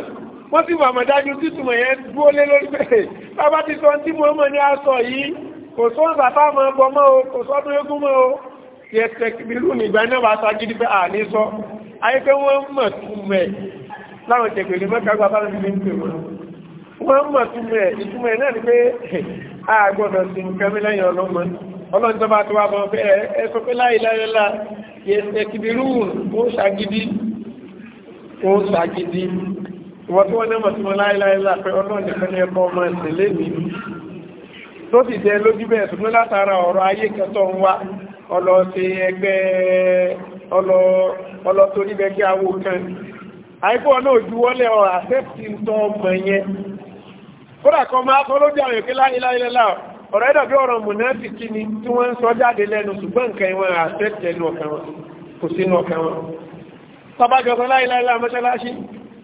wọ́n sì wà mọ̀dájú títùmọ̀ yẹn dúó lé lórí pé bábá ti sọ tí mo mọ̀ ní aṣọ yìí kò sọ́n bàbá mọ́ ọgbọ́ mọ́ o kò sọ́dún egún mọ́ o yẹ tẹ̀kìbìrú nígbà náà wà sá gidi pé à ní sọ ayé pé wọ́n mọ̀ túmọ̀ ẹ̀ láwọn tẹ̀kìbìrú mẹ́ta gba bá mi fi ń pè wọ́n wọ́n mọ̀ túmọ̀ ẹ̀ ìtumọ̀ ẹ̀ náà ni pé a gbọ́dọ̀ sí nǹkan mi lẹ́yìn ọlọ́mọ ọlọ́run tó bá tó wá bọ̀ pé ẹ sọ pé láì láyé lá yẹ tẹ̀kìbìrú ìwọ̀n tí wọ́n ní ọmọ tí wọ́n láìláìlá pé ọlọ́run nìkan ní ẹkọ́ ọmọ ìtẹ̀lé mi tó sì jẹ lójú bẹ́ẹ̀ tó ní látara ọ̀rọ̀ ayé kẹtọ́ ń wá ọlọ ṣe ẹgbẹ́ ọlọ tó níbẹ̀ kí awo kan àìkú ọ̀nà òjúwọ́lẹ̀ ọ̀rọ̀ àṣẹ́fì ń tọ́ ọmọ yẹn kódà kan máa kọ́ lójú àwọn èké láìláìlá ọ̀rọ̀ ẹ̀dọ̀ bí ọ̀rọ̀ mùnáfì kí ni tí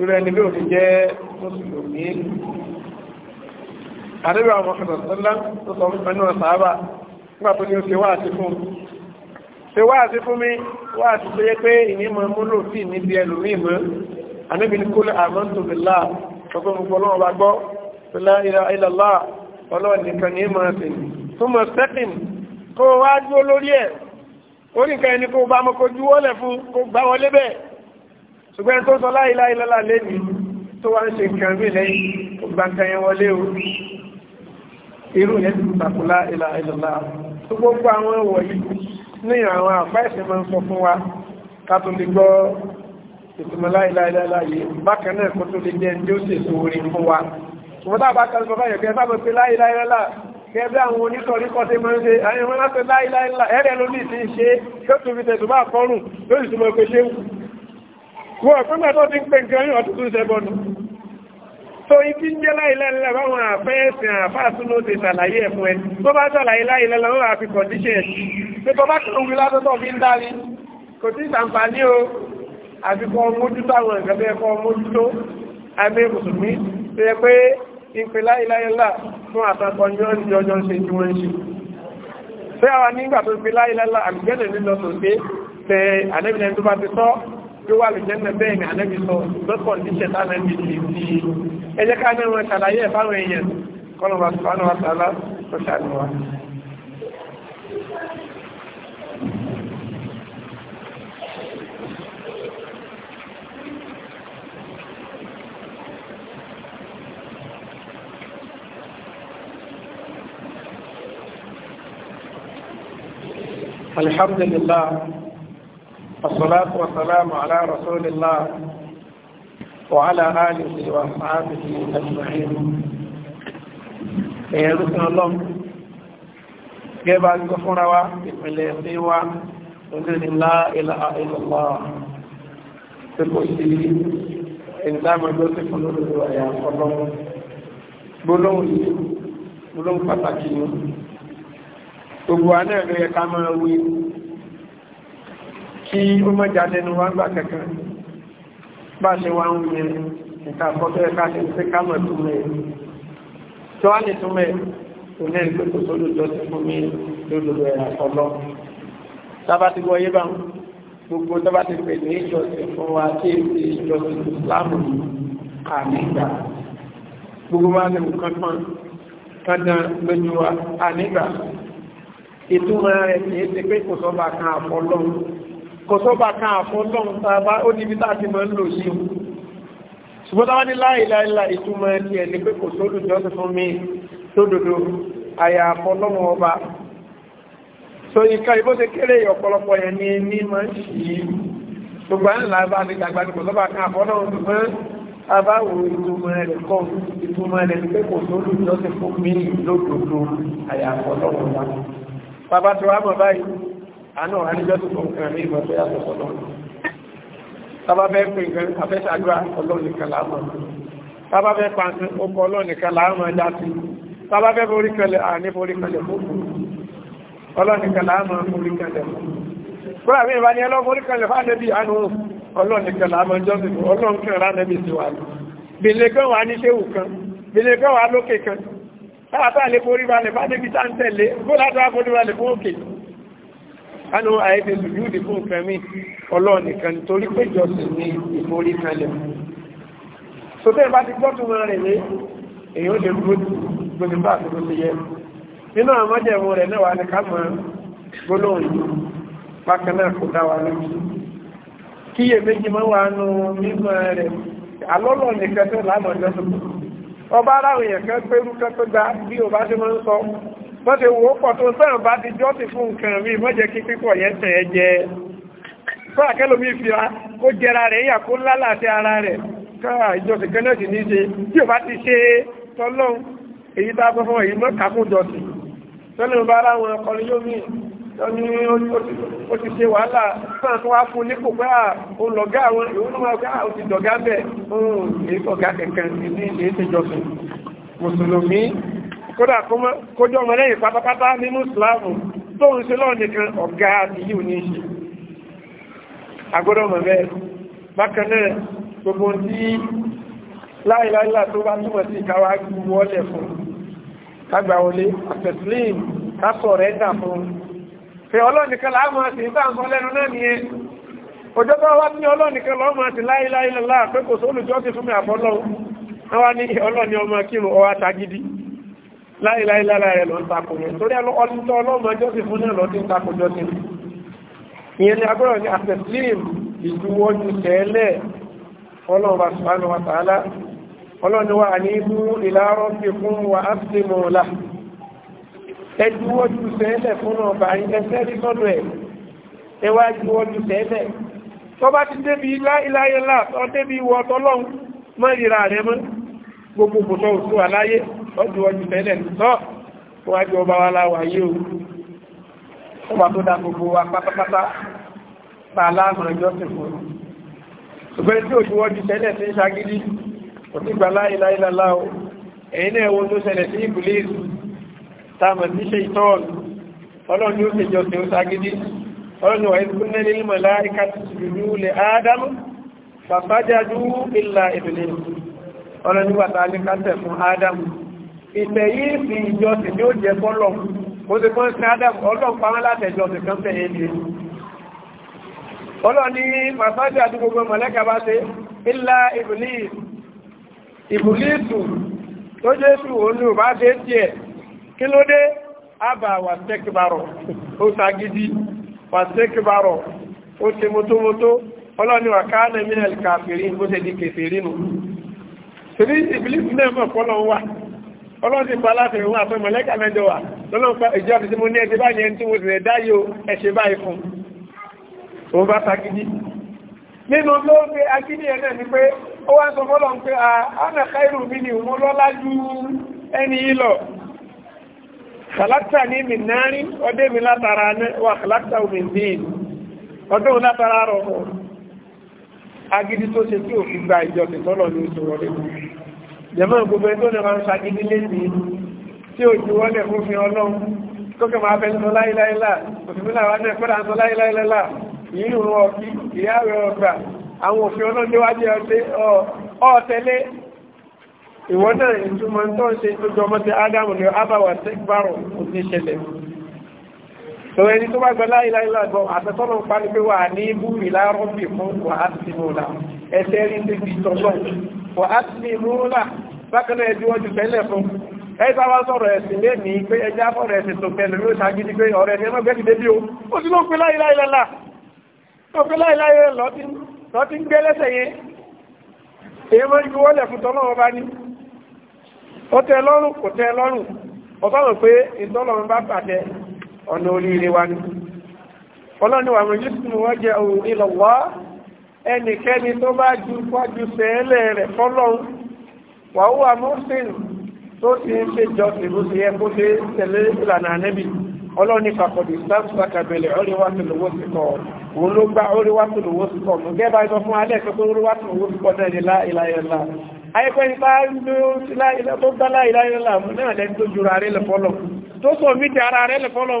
ìrẹ́ ni bí o ti jẹ́ mùsùlùmí àríwá Muhammad sọ́lá tó sọ fún ẹnu ọ̀sáábà nígbà tó ní o ṣe wáàsí fún ṣe wáàsí fún mi wáàsí tó yẹ pé ìní mọ̀ mú lò sí níbi ẹlòmíì mọ́ anábì ní kólé àmọ́ntò bìlá ọgbọ́n gbogbo ọlọ́wọ́ bá gbọ́ bìlá ìlà ìlàlá ọlọ́wọ́ nìkan ní mọ̀ sí tó mọ̀ sẹ́kìn kó wá dúró lórí ẹ̀ orí nǹkan ẹni kó bá mọ́ kó juwọ́lẹ̀ fún kó gbá wọlé bẹ́ẹ̀ ṣùgbọ́n tó sọ láìláì lọ́la lẹ́ni tó wá ń ṣe nǹkan rí lẹ́yìn ògbàǹkanyan wọlé o irú yẹn ti tàkùlá ìlà ìlọ́la tó gbogbo àwọn ẹwọ̀ yìí ní àwọn àpá ẹ̀sìn máa ń sọ fún wa ká tó lè gbọ́ ìtumọ̀ láìláì lọ́la yìí bákan náà kó tó lè jẹ́ ẹni ó ṣètò orin fún wa ṣùgbọ́n tá a bá kọ́ bàbá yẹn kẹ́ sábà pé láìláì lọ́la kẹ́ bí àwọn onítọ̀rí kọ́ sí máa ń ṣe àyẹ̀wò láti láìláì lọ́la ẹ̀rẹ̀ ló ní ìsìn ṣe yóò tún fi tẹ̀sùn bá kọ́rùn lórí ìtumọ̀ pé wọ́n ọ̀pẹ́gbà tó ti ń pè nǹkan yíò tuntun sẹ́bọ̀nù so ibi ń jẹ́ láìlẹ́lẹ́ báwọn àfẹ́ẹ̀sìn àfáàtúnú ti ṣàlàyé ẹ̀fún ẹ tó bá ṣàlàyé láìlẹ́lẹ́ lọ́wọ́ àfi condition pé tó bá kìlú wílá tó tọ́ fi ń dárí kò tí ìsànfàní o àfi kọ mójútó àwọn nǹkan bẹ́ẹ̀ kọ mójútó àmì mùsùlùmí tó yẹ pé ìpè láìláyẹlá fún àtàkọ́ ní ọjọ́ ọjọ́ ń ṣe tí wọ́n ń ṣe fẹ́ àwọn nígbà tó ń pe láìláyẹlá àmì tó wà lè jẹ́nà bẹ́ẹ̀ ni ànẹ́bí sọ lọ́pọ̀ níṣẹ́ tánẹ́bí ti ti ẹjẹ́ ká ní wọn ṣàlàyé ẹ̀ fáwọn èèyàn kọlọ̀bà sọ́nà wa sàlá tó ṣàlùwà Alhamdulillah والصلاة والسلام على رسول الله وعلى آله وأصحابه أجمعين ẹ̀yẹ̀ rúfin ọlọ́m gẹ́bà gbọ́ fúnra wa ìpìnlẹ̀ sí wa onílẹ̀lá ìlàlá tí kò sí ìdámọ́jọ́ tí kò lórí ẹ̀yà kí ó mọ́jà lẹ́nu wá gbà kankan bá ṣe wá ń yẹ nǹkan àkọ́tọ́ ẹ̀ká ṣe ń fẹ́ kámọ̀ túnmẹ̀ tó wá ní túnmẹ̀ kò ní ẹgbẹ́ kò sódò jọ sí fún mi lódodo ẹ̀ àkọlọ́ tábà ti wọ yé bá gbogbo tábà ti pè ní ìjọsìn fún wa tí èsì ìtumọ̀ rẹ̀ kì í ṣe pé kò sọ́ba kan àfọlọ́run kò sọ́bà kan àfọ́lọ́run tàbá ó níbi tàbí mọ́ ń lò sí o ṣùgbọ́n tàbá ní láìláìlá ìtumọ̀ ẹni ẹni pé kò sódò jọ́sìn fún mi lódodo àyà àfọ́lọ́run ọba so ìka ìbó ṣe kéré ọ̀pọ̀lọpọ̀ yẹn ní ní mọ́ sí i gbogbo ẹ̀ ńlá bá ní dàgbà ní kò sọ́bà kan àfọ́lọ́run ṣùgbọ́n tàbá wo ìtumọ̀ rẹ̀ kọ́ ìtumọ̀ rẹ̀ pé kò sódò jọ́sìn fún mi lódodo àyà àfọ́lọ́run ọba àánú àníjọ́ tó kọ̀ nǹkan ní ìmọ̀ tó yàtọ̀ sọ́lọ́ tábà fẹ́ pè nǹkan afẹ́sàdúrà ọlọ́nìkan láàmọ̀ tábà fẹ́ pa nǹkan ọkọ̀ ọlọ́nìkan láàmọ̀ já sí tábà fẹ́ forí kẹlẹ̀ àní forí kẹlẹ̀ fún ọlọ́nìkan láàmọ̀ forí kẹlẹ̀ fún kúrò àmì ìbá ní ẹlọ́ forí kẹlẹ̀ fún àdébí àánú ọlọ́nìkan láàmọ̀ jọ́sìn ọlọ́nìkan ránẹ́bí sí wa ní bèlè kan wà ní ṣéwù kan bèlè kan wà lókè kan tábà fẹ́ àlè forí balẹ̀ fún àdébí tá ń tẹ̀lé bó látọ́ ánú àìsí sùjúdì fún ìfẹ́mí ọlọ́run nìkan nítorí pé ìjọsìn ní ìforí kalẹ̀ tó tẹ́ bá ti gbọ́tún wọn rẹ̀ lé èyí ó lè gbóni bá àti gbóni yẹ nínú àmọ́jẹ̀mú rẹ̀ náà wà ní ká mọ gbólóhùn yìí bákan náà kò dá wa lójú kíyè méjì máa wà nù mímọ rẹ̀ alọ́lọ́ nìkan tó lámọ̀ ọjọ́ tó ọba aráwọ̀ yẹn kẹ́ pẹ́rú kẹ́ tó gba bí ò bọ́tẹ̀ wo pọ̀ tó sáà bá ti jọ́ ti fún nǹkan mi mọ́jẹ́ kí pípọ̀ yẹn tẹ̀ ẹ jẹ fún àkẹ́lómi fi wa kó jẹra rẹ̀ yà kó lálàáfẹ́ ara rẹ̀ káà ìjọsìn kan náà sì ní ṣe tí ò bá ti ṣe tọ́lọ́n èyí tá a fọ́ fún èyí mọ́ kàkún jọsìn tọ́lọ́n bá ara wọn ọkọrin yóò mí ní ó ti ṣe wàhálà sáà tó wá fún nípò pé à ah, ó lọ̀gá àwọn ìwọ́n ló máa gbá ah, ó ti dọ̀gá bẹ́ẹ̀ ó èyí kọ̀gá kẹ̀kẹ́ ní ilé ìjọsìn mùsùlùmí kódà kójọ́ ọmọ lẹ́yìn pátápátá nínú ìsìláàmù tó ń se lọ́ọ̀ nìkan ọ̀gá ìyí ò ní ṣe agbọ́dọ̀ mọ̀ bẹ́ẹ̀ bákanáà gbogbo tí láìláìlá tó bá túnmọ̀ sí káwà wọlé fún kágbà wọlé àtẹ̀sílìm kásọ̀ rẹ̀ dà fún fẹ́ ọlọ́nìkan láàmù àti ìbá ń sọ lẹ́nu náà nìyẹn òjọba wá ní ọlọ́nìkan lọ́mọ àti láìláìlá pé kò sólùjọ́ ti fún ọlọ́ni ọmọ kírun ọwá tagidi láìláì lára rẹ̀ lọ ń takò yẹn torí ọlọ́tọ́ ọlọ́mọ jọ́sìn fún náà lọ́dún takò jọ́sìn ìyẹn ni agbọ́rọ̀ ní àtẹ̀sílìm ìjúwọ́jú tẹ́ẹ̀lẹ̀ ọlọ́ọ̀bà subhanahu wa ta'ala ọlọ́niwà ní ibú ìlàrọ̀ fi fún wa ápùsìmọ̀ ọ̀la ẹjúwọ́jú tẹ́ẹ̀lẹ̀ fún ọba ẹsẹ́ rí sọ́dọ̀ ẹ̀ ẹwà ẹjúwọ́jú tẹ́ẹ̀lẹ̀ tó ọjọ́wọ́jú tẹ́lẹ̀ tọ́ wájú ọba wa láwà yíò ọba tó dá gbogbo wa pátápátá pa aláàmọ̀ ẹjọ́ sì fún ṣùgbọ́n tí òjúwọ́jú tẹ́lẹ̀ tí ń ṣagídí kò ní gbà láìláìláláwò ẹ̀yìn náà wo tó ṣẹlẹ̀ sí ìbùlẹ̀ táàmọ̀ tí ṣe ìtọ́ọ̀lù ọlọ́run yóò ṣèjọ sí ó ṣagídí ọlọ́run wà ìsìnkú nílé ìmọ̀lá ìkàtìsìlú lè ádámù fàfájájú ìlà ìbìlẹ̀ ọlọ́run wà tààlẹ́kàtẹ̀ fún ádámù ìfẹ́ yìí fi ìjọsìn ní ó jẹ fọ́lọ̀ ó ti fún ṣe adam ọlọ́run pamọ́ látẹ̀jọ́ ti kan fẹ́ yẹn ọlọ́run ní màsáàjì àti gbogbo mọ̀lẹ́kà bá ṣe illa iblis ìbùlísù tó jésù olú bá ṣe tiẹ̀ kí ló dé àbà wàṣẹ́kìbarọ̀ ó ṣagídí wàṣẹ́kìbarọ̀ ó ṣe mótómótó ọlọ́ni wà káàlẹ̀ mílẹ̀ kàfèrí bó ṣe di kèfèrí nù. Ṣèrí ìbílísì náà mọ̀ fọ́lọ́ wà ọlọ́run ti pa aláṣẹ ìwọ̀n àpẹ mọ̀lẹ́kà mẹ́jọ wà lọ́lọ́pàá ìjọ ti ti mú ní ẹ̀ṣẹ̀ báyìí ẹni tí mo sì rẹ̀ dáyé o ẹ̀ṣẹ̀ báyìí fún òun bá takidi nínú tó ń pe akíní ẹ̀nà ni pé ó wá ń sọ fọ́lọ́ pé àánà káìrù mi ni mo lọ́lá ju ẹni yìí lọ kàlákítà ní mi náárí ọdẹ mi látara wà kàlákítà omi dín ọdún òun látara rọ̀ agidi tó jẹ́mọ́ gbogbo ẹni tó lè máa ń ṣagídí léèdì tí ó ju wọ́n lè fún fi ọlọ́run tó kẹ́ máa fẹ́ sọ láíláílá òṣìṣẹ́ àwọn náà fẹ́ràn sọ láíláílá ìrìn òun ọ̀kí ìyá rẹ̀ ọgbà àwọn òfin ọlọ́run níwájú ọ̀tẹ́lé ìwọ náà ìtumọ̀ tó ń ṣe tó jọmọ́ ti ádámù ní àbáwà tẹ́gbàrùn òfin ṣẹlẹ̀ tọ́wọ́ ẹni tó bá gbọ́ láìláìlá gbọ́ àtẹ́tọ́lọ̀ pálí pé wà ní ibú ìlà rọ́bì fún wà á ti mọ̀ ẹ̀ṣẹ̀ rí ti fi tọ́lọ́ wà á ti mú là ẹjú ọjọ́ tẹ́lẹ̀ fún ẹjọ́ wá sọ̀rọ̀ ẹ̀sìn lé pé ẹjá sọ̀rọ̀ ẹ̀sìn tó pẹ̀lú ló ṣàgídí pé o ti ọlọ́ni wà mọ̀ yìí wọ́n jẹ́ ẹnikẹ́ni tó bá ju wájú sẹ́ẹ̀lẹ̀ rẹ̀ fọ́lọ́run wàhùwà mọ́sìn tó ti ń ṣe jọ tìlú sí ẹ kó ṣe tẹ̀lé ìlànà ànẹ́bì ọlọ́ni pàkọ̀dé sáàtúwà kàbẹ̀lẹ̀ ọríwá tó lówó sí kọ̀ òun ló gbá oríwá tó lówó sí kọ̀ mú gẹ́bà ìsọ fún alẹ́ tó oríwá tó lówó sí kọ̀ náà ní láìláyọ̀lá ayẹ́pẹ́ nípa tó gbá láìláyọ̀lá mú náà lẹ́ni tó jura rẹ̀ lẹ́fọ́lọ́ tó sọ mí ti ara rẹ̀ lẹ́fọ́lọ́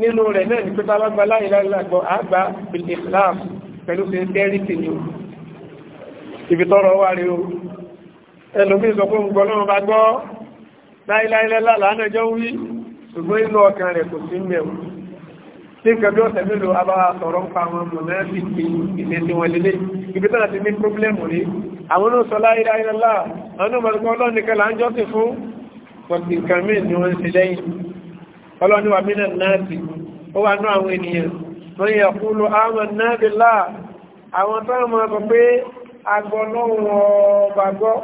nínú rẹ̀ náà ní pípa bá gba láìláìláàgbọ́ àgbà islam pẹ̀lú sincerity ni o ibi tọrọ wà rí o ẹlòmí sọ pé gbọ́ náà bá gbọ́ láìláìláà lánàjọ́ ń wí ṣùgbọ́n inú ọkàn rẹ̀ kò sí mẹ́ o tí nǹkan bí ọ̀sẹ̀ mélòó abáwa sọ̀rọ̀ ń pa àwọn mọ̀nẹ́sì ti ìṣẹ́ tí wọ́n lélẹ̀ ibi tọ́nà ti ní pọ́blẹ́mù rí àwọn náà sọ láìláìláà àwọn náà mọ̀ ọlọ́ni wà mínà náà sí ó wà ní àwọn ènìyàn wọ́n yẹ kúlù àwọn náà bí láà àwọn tó mọ́ ọkọ̀ pé agbọ́lọ́wọ́ bàgbọ́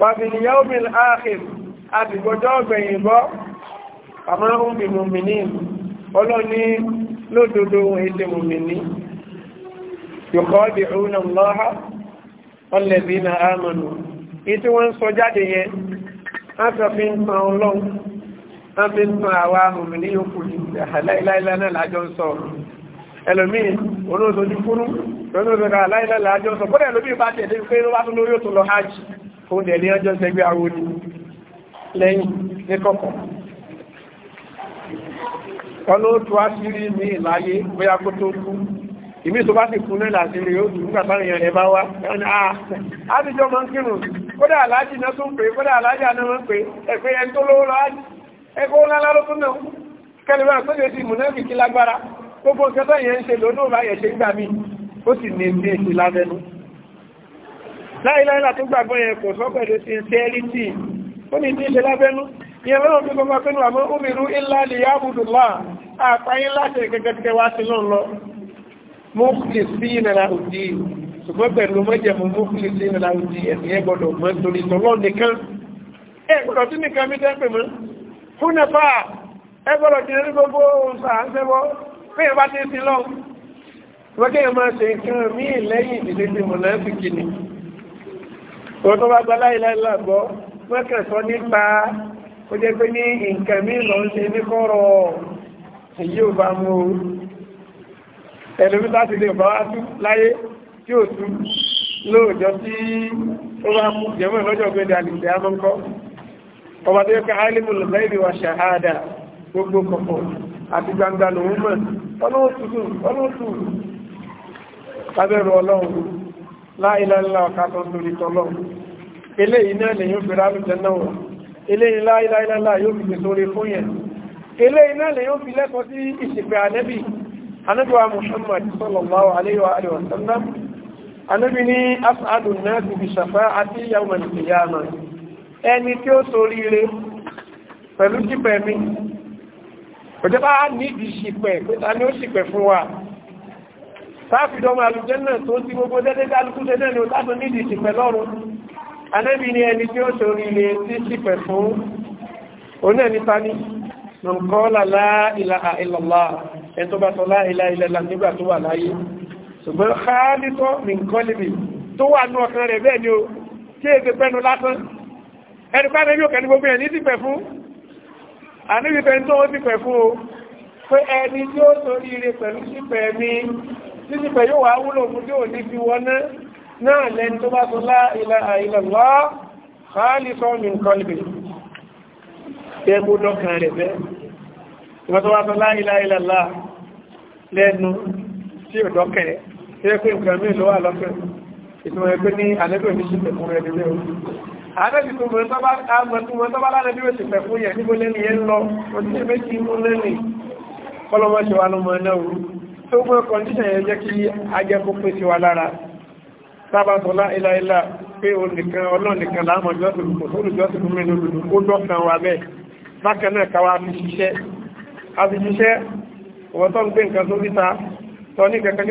wàbìnìyàn omi ààkìm àbìgbọ́jọ́ ọ̀gbẹ̀yìn bọ́ àmọ́ omi mùmìnì ọlọ́ni lódodo wọn èdè mùmìnì yọkọ́ di ọ̀nà lọ́ha ọlẹ́bí na ámànù ìtí wọ́n sọ jáde yẹn á sọ ọlọ́run wọ́n fi ń tún àwa mùmí ní yòókù láìláìlá náà lájọ́ ń sọ ẹlòmíì olóòdójú kúrú olóòdójú láìláìlá lájọ́ ń sọ kódà ẹlòmíì bá tẹ̀lé pé ló bá tún lórí òtún lọ hajj fún ní ọjọ́ sẹ́gbẹ́ mi láyé bóyá kó tó kú ìmí tó bá sì kú náà láti rí ó dùn nígbàtà èèyàn rẹ̀ bá wá àtijọ́ máa ń kírun kódà aláàjì náà tó ń pè kódà aláàjì náà máa ń pè ẹ̀pẹ́ ẹni tó lówó lọ́wọ́ ẹkọ́ ńlá ló tún náà kẹlẹ́wà tó lè ti mùnẹ́bì kí lágbára gbogbo nǹkan tó yẹn ń ṣe lónà bá yẹ̀ ṣe gbà mí ó sì ní ní èsì lábẹ́nu láìláìlá tó gbàgbọ́ yẹn kò sọ pẹ̀lú sincerity ó ní ní ìṣe lábẹ́nu ìyẹn lọ́nà tó gbogbo pẹ̀lú àmọ́ òmìnirú ńlá lè yábùdù lọ́ àpáyé láti gẹ́gẹ́gẹ́ wá sí lọ́n lọ mọ́kùlì sí ìnira òdì ṣùgbọ́n pẹ̀lú mọ́jẹ̀mú mọ́kùlì sí ìnira òdì ẹ̀sìn ẹgbọ́dọ̀ mọ́ torí lọ́lọ́ nìkan ẹgbọ́dọ̀ tí nìkan mi dẹ́ pè mọ́ fúnẹ̀fà ẹgbọ́lọ̀ jẹ́ ní gbogbo ṣàánṣẹ́wọ́ fíyẹ̀ bá ti sí lọ́n wọ́kẹ́ máa ṣe nǹkan míì lẹ́yìn ìdílé ti mọ̀lá ń fi kìíní wọ́n tó bá gba láìláìláàgbọ́ mọ́kàn sọ nípa ó jẹ́ pé ní nǹkan míì lọ ń ṣe ní kọ́rọ̀ èyí ò bá mú ẹlòmítà ti lè bá wá tú láyé tí ò tú lóòjọ́ tí ó bá mú jẹ́mọ̀ lọ́jọ́ gbé ọba tó yẹ ká alimul ghaibi wa shahada gbogbo kọ̀kọ̀ àti gbangba lòun mọ̀ ọlọ́wọ́ tuntun ọlọ́wọ́ tuntun lábẹ́rù ọlọ́run láìláìlá ọ̀ká tó ń lórí tọ́lọ́run eléyìí náà lèyìn fèrè alùjẹ́ náà eléyìí láìláìlá yóò fi lè sórí fún yẹn eléyìí náà lèyìn fi lẹ́kọ̀ọ́ sí ìṣẹ̀pẹ̀ anẹ́bì anẹ́bíwa Muhammad sallallahu alaihi wa alihi wa sallam anẹ́bí ní as'adun nas ẹni tí ó sorí ire pẹ̀lú jípẹ̀ mi òjọba nídìí ṣìpẹ̀ pẹ́ta ni ó ṣìpẹ̀ fún wa sáàfidọ́mọ alùjẹ́nà tó ti gbogbo dẹ́dẹ́ kálukú dẹ́dẹ́ ni ó látò nídìí ṣìpẹ̀ lọ́rùn anẹ́bí ni ẹni tí ó sorí ire tí ṣìpẹ̀ fún oní ẹni tani nǹkọ́lá láìláà ìlàlá tó wà ní ọkàn rẹ̀ bẹ́ẹ̀ ni ó tí èdè pẹ́nu lásán ẹnìkan ní yóò kẹ́ni gbogbo ẹ̀ ní ti pẹ̀ fún àníbi pẹ̀ tó ó ti pẹ̀ fún o pé ẹni tí ó sórí ire pẹ̀lú sípẹ̀ mi sípẹ̀ yóò wá wúlò fún tí ò ní fi wọná náà lẹ́ni tó bá tó lá ilẹ̀ àìlọ́lọ́ káàlì sọ́ọ̀mì nǹkan ibẹ̀ ẹgbó lẹ́nu tí ò dọ́kẹ̀ẹ́ tí pé nǹkan mí ló lọ́kẹ̀ ìtumọ̀ ẹgbẹ́ ní àlẹ́bẹ̀ mi sípẹ̀ fún ẹni lẹ́wọ́ àdẹ́bì tó mọ̀ tọ́bá lára bí ó ti pẹ̀ fún yẹ̀ níbo lẹ́ni yẹn lọ òtítẹ́ méjì mú lẹ́ni kọlọmọ ṣe wà lọmọ náà rú tó gbọ́ kọndíṣàn yẹn jẹ́ kí ajẹ́kó pé ti wà lára sábàtọ̀lá ìlàílà pé ọlọ́nìkan láàmọ̀jọ́sìn olùjọ́sìn fún mẹ́rin olùdó ó dọ́kan wà bẹ́ẹ̀ bákan náà káwà fi ṣiṣẹ́ àti ṣiṣẹ́ ọ̀wọ́ tó ń gbé nǹkan tó ríta tọ́ ní kankan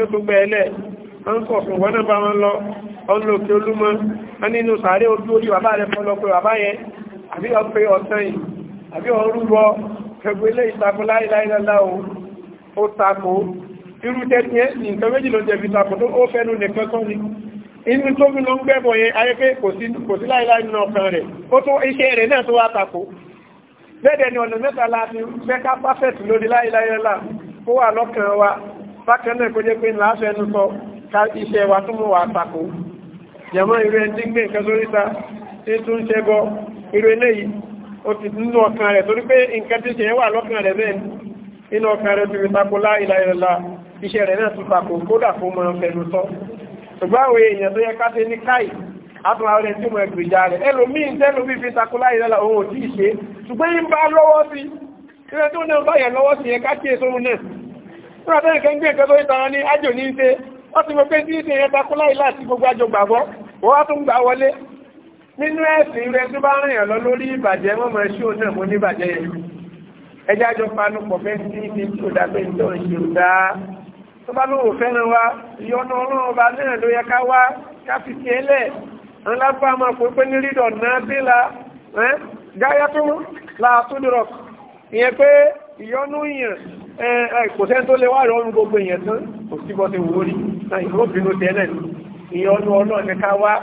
ní wọ́n nínú sàárẹ́ ojú orí bàbá rẹ̀ fọ́lọ pé bàbá yẹn àbí ọpẹ́ ọ̀sán yìí àbí ọrúbọ ẹgbẹ́ ilé ìtakò láìláìlá o ó takò irú tẹ́tí ẹ́ nǹkan méjì ló jẹ̀bi takò tó ó fẹ́nu nìkan kan ni inú tó fi lọ ń gbẹ́bọ̀ yẹn ayé pé kò sí láìláì nínú ọkàn rẹ̀ ó tó iṣẹ́ rẹ̀ náà tó wá takò bẹ́ẹ̀dẹ̀ ni ọ̀nà mẹ́ta láti mẹ́ká pàfẹ́tì lórí láìláìlá kó wà lọ́kàn wa bákan náà kó jẹ́ pé ńlá fẹ́nu sọ iṣẹ́ wa tó mú wa takò yàmọ́ irú ẹni tí ń gbé nǹkan sóríta tí tó ń ṣẹbọ irú eléyìí ó ti nínú ọkàn rẹ̀ torí pé nǹkan tí ṣe wà lọ́kàn rẹ̀ bẹ́ẹ̀ nínú ọkàn rẹ̀ ti fi tako láìláìlá iṣẹ́ rẹ̀ náà tún tako kódà fún mọ́ fẹ̀lú sọ ṣùgbọ́n àwọn èèyàn tó yẹ ká ṣe ní káì àtún àwọn ẹni tí mo ẹgbẹ̀ ìjà rẹ̀ ẹlòmíì tẹ́lú bí fi tako láìláìlá òun ń gbé nǹkan tó ń ní ájò ní í ṣe ti mọ̀ pé tí ìṣe yẹn tako láìláìlá àti gbogbo àjọ gbàgbọ́ wọ́n wá tún gbà wọlé nínú ẹ̀sìn rẹ tó bá rìn yàn lórí ìbàjẹ́ mọ́mọ́ ẹṣẹ́ òun náà mo ní ìbàjẹ́ yẹn ẹjá jọ panu pọ̀ fẹ́ sí ibi tí ó dàgbé ìjọ ìṣirò dáa tó bá lóòrò fẹ́ràn wa ìyọnu ọlọ́run ọba náà ló yẹ ká wá ká fi ti ẹlẹ̀ ń máa pè pé ní rídọ̀ náà bí la gáyà tó láàtú dúrọ̀ ìyẹn pé ìyọnu yàn kò sẹ́ni tó lè wá rọrùn gbogbo èèyàn tán kò síbọ̀ ti wò ó rí ìyọnu ọlọ́ọ̀ni ká wá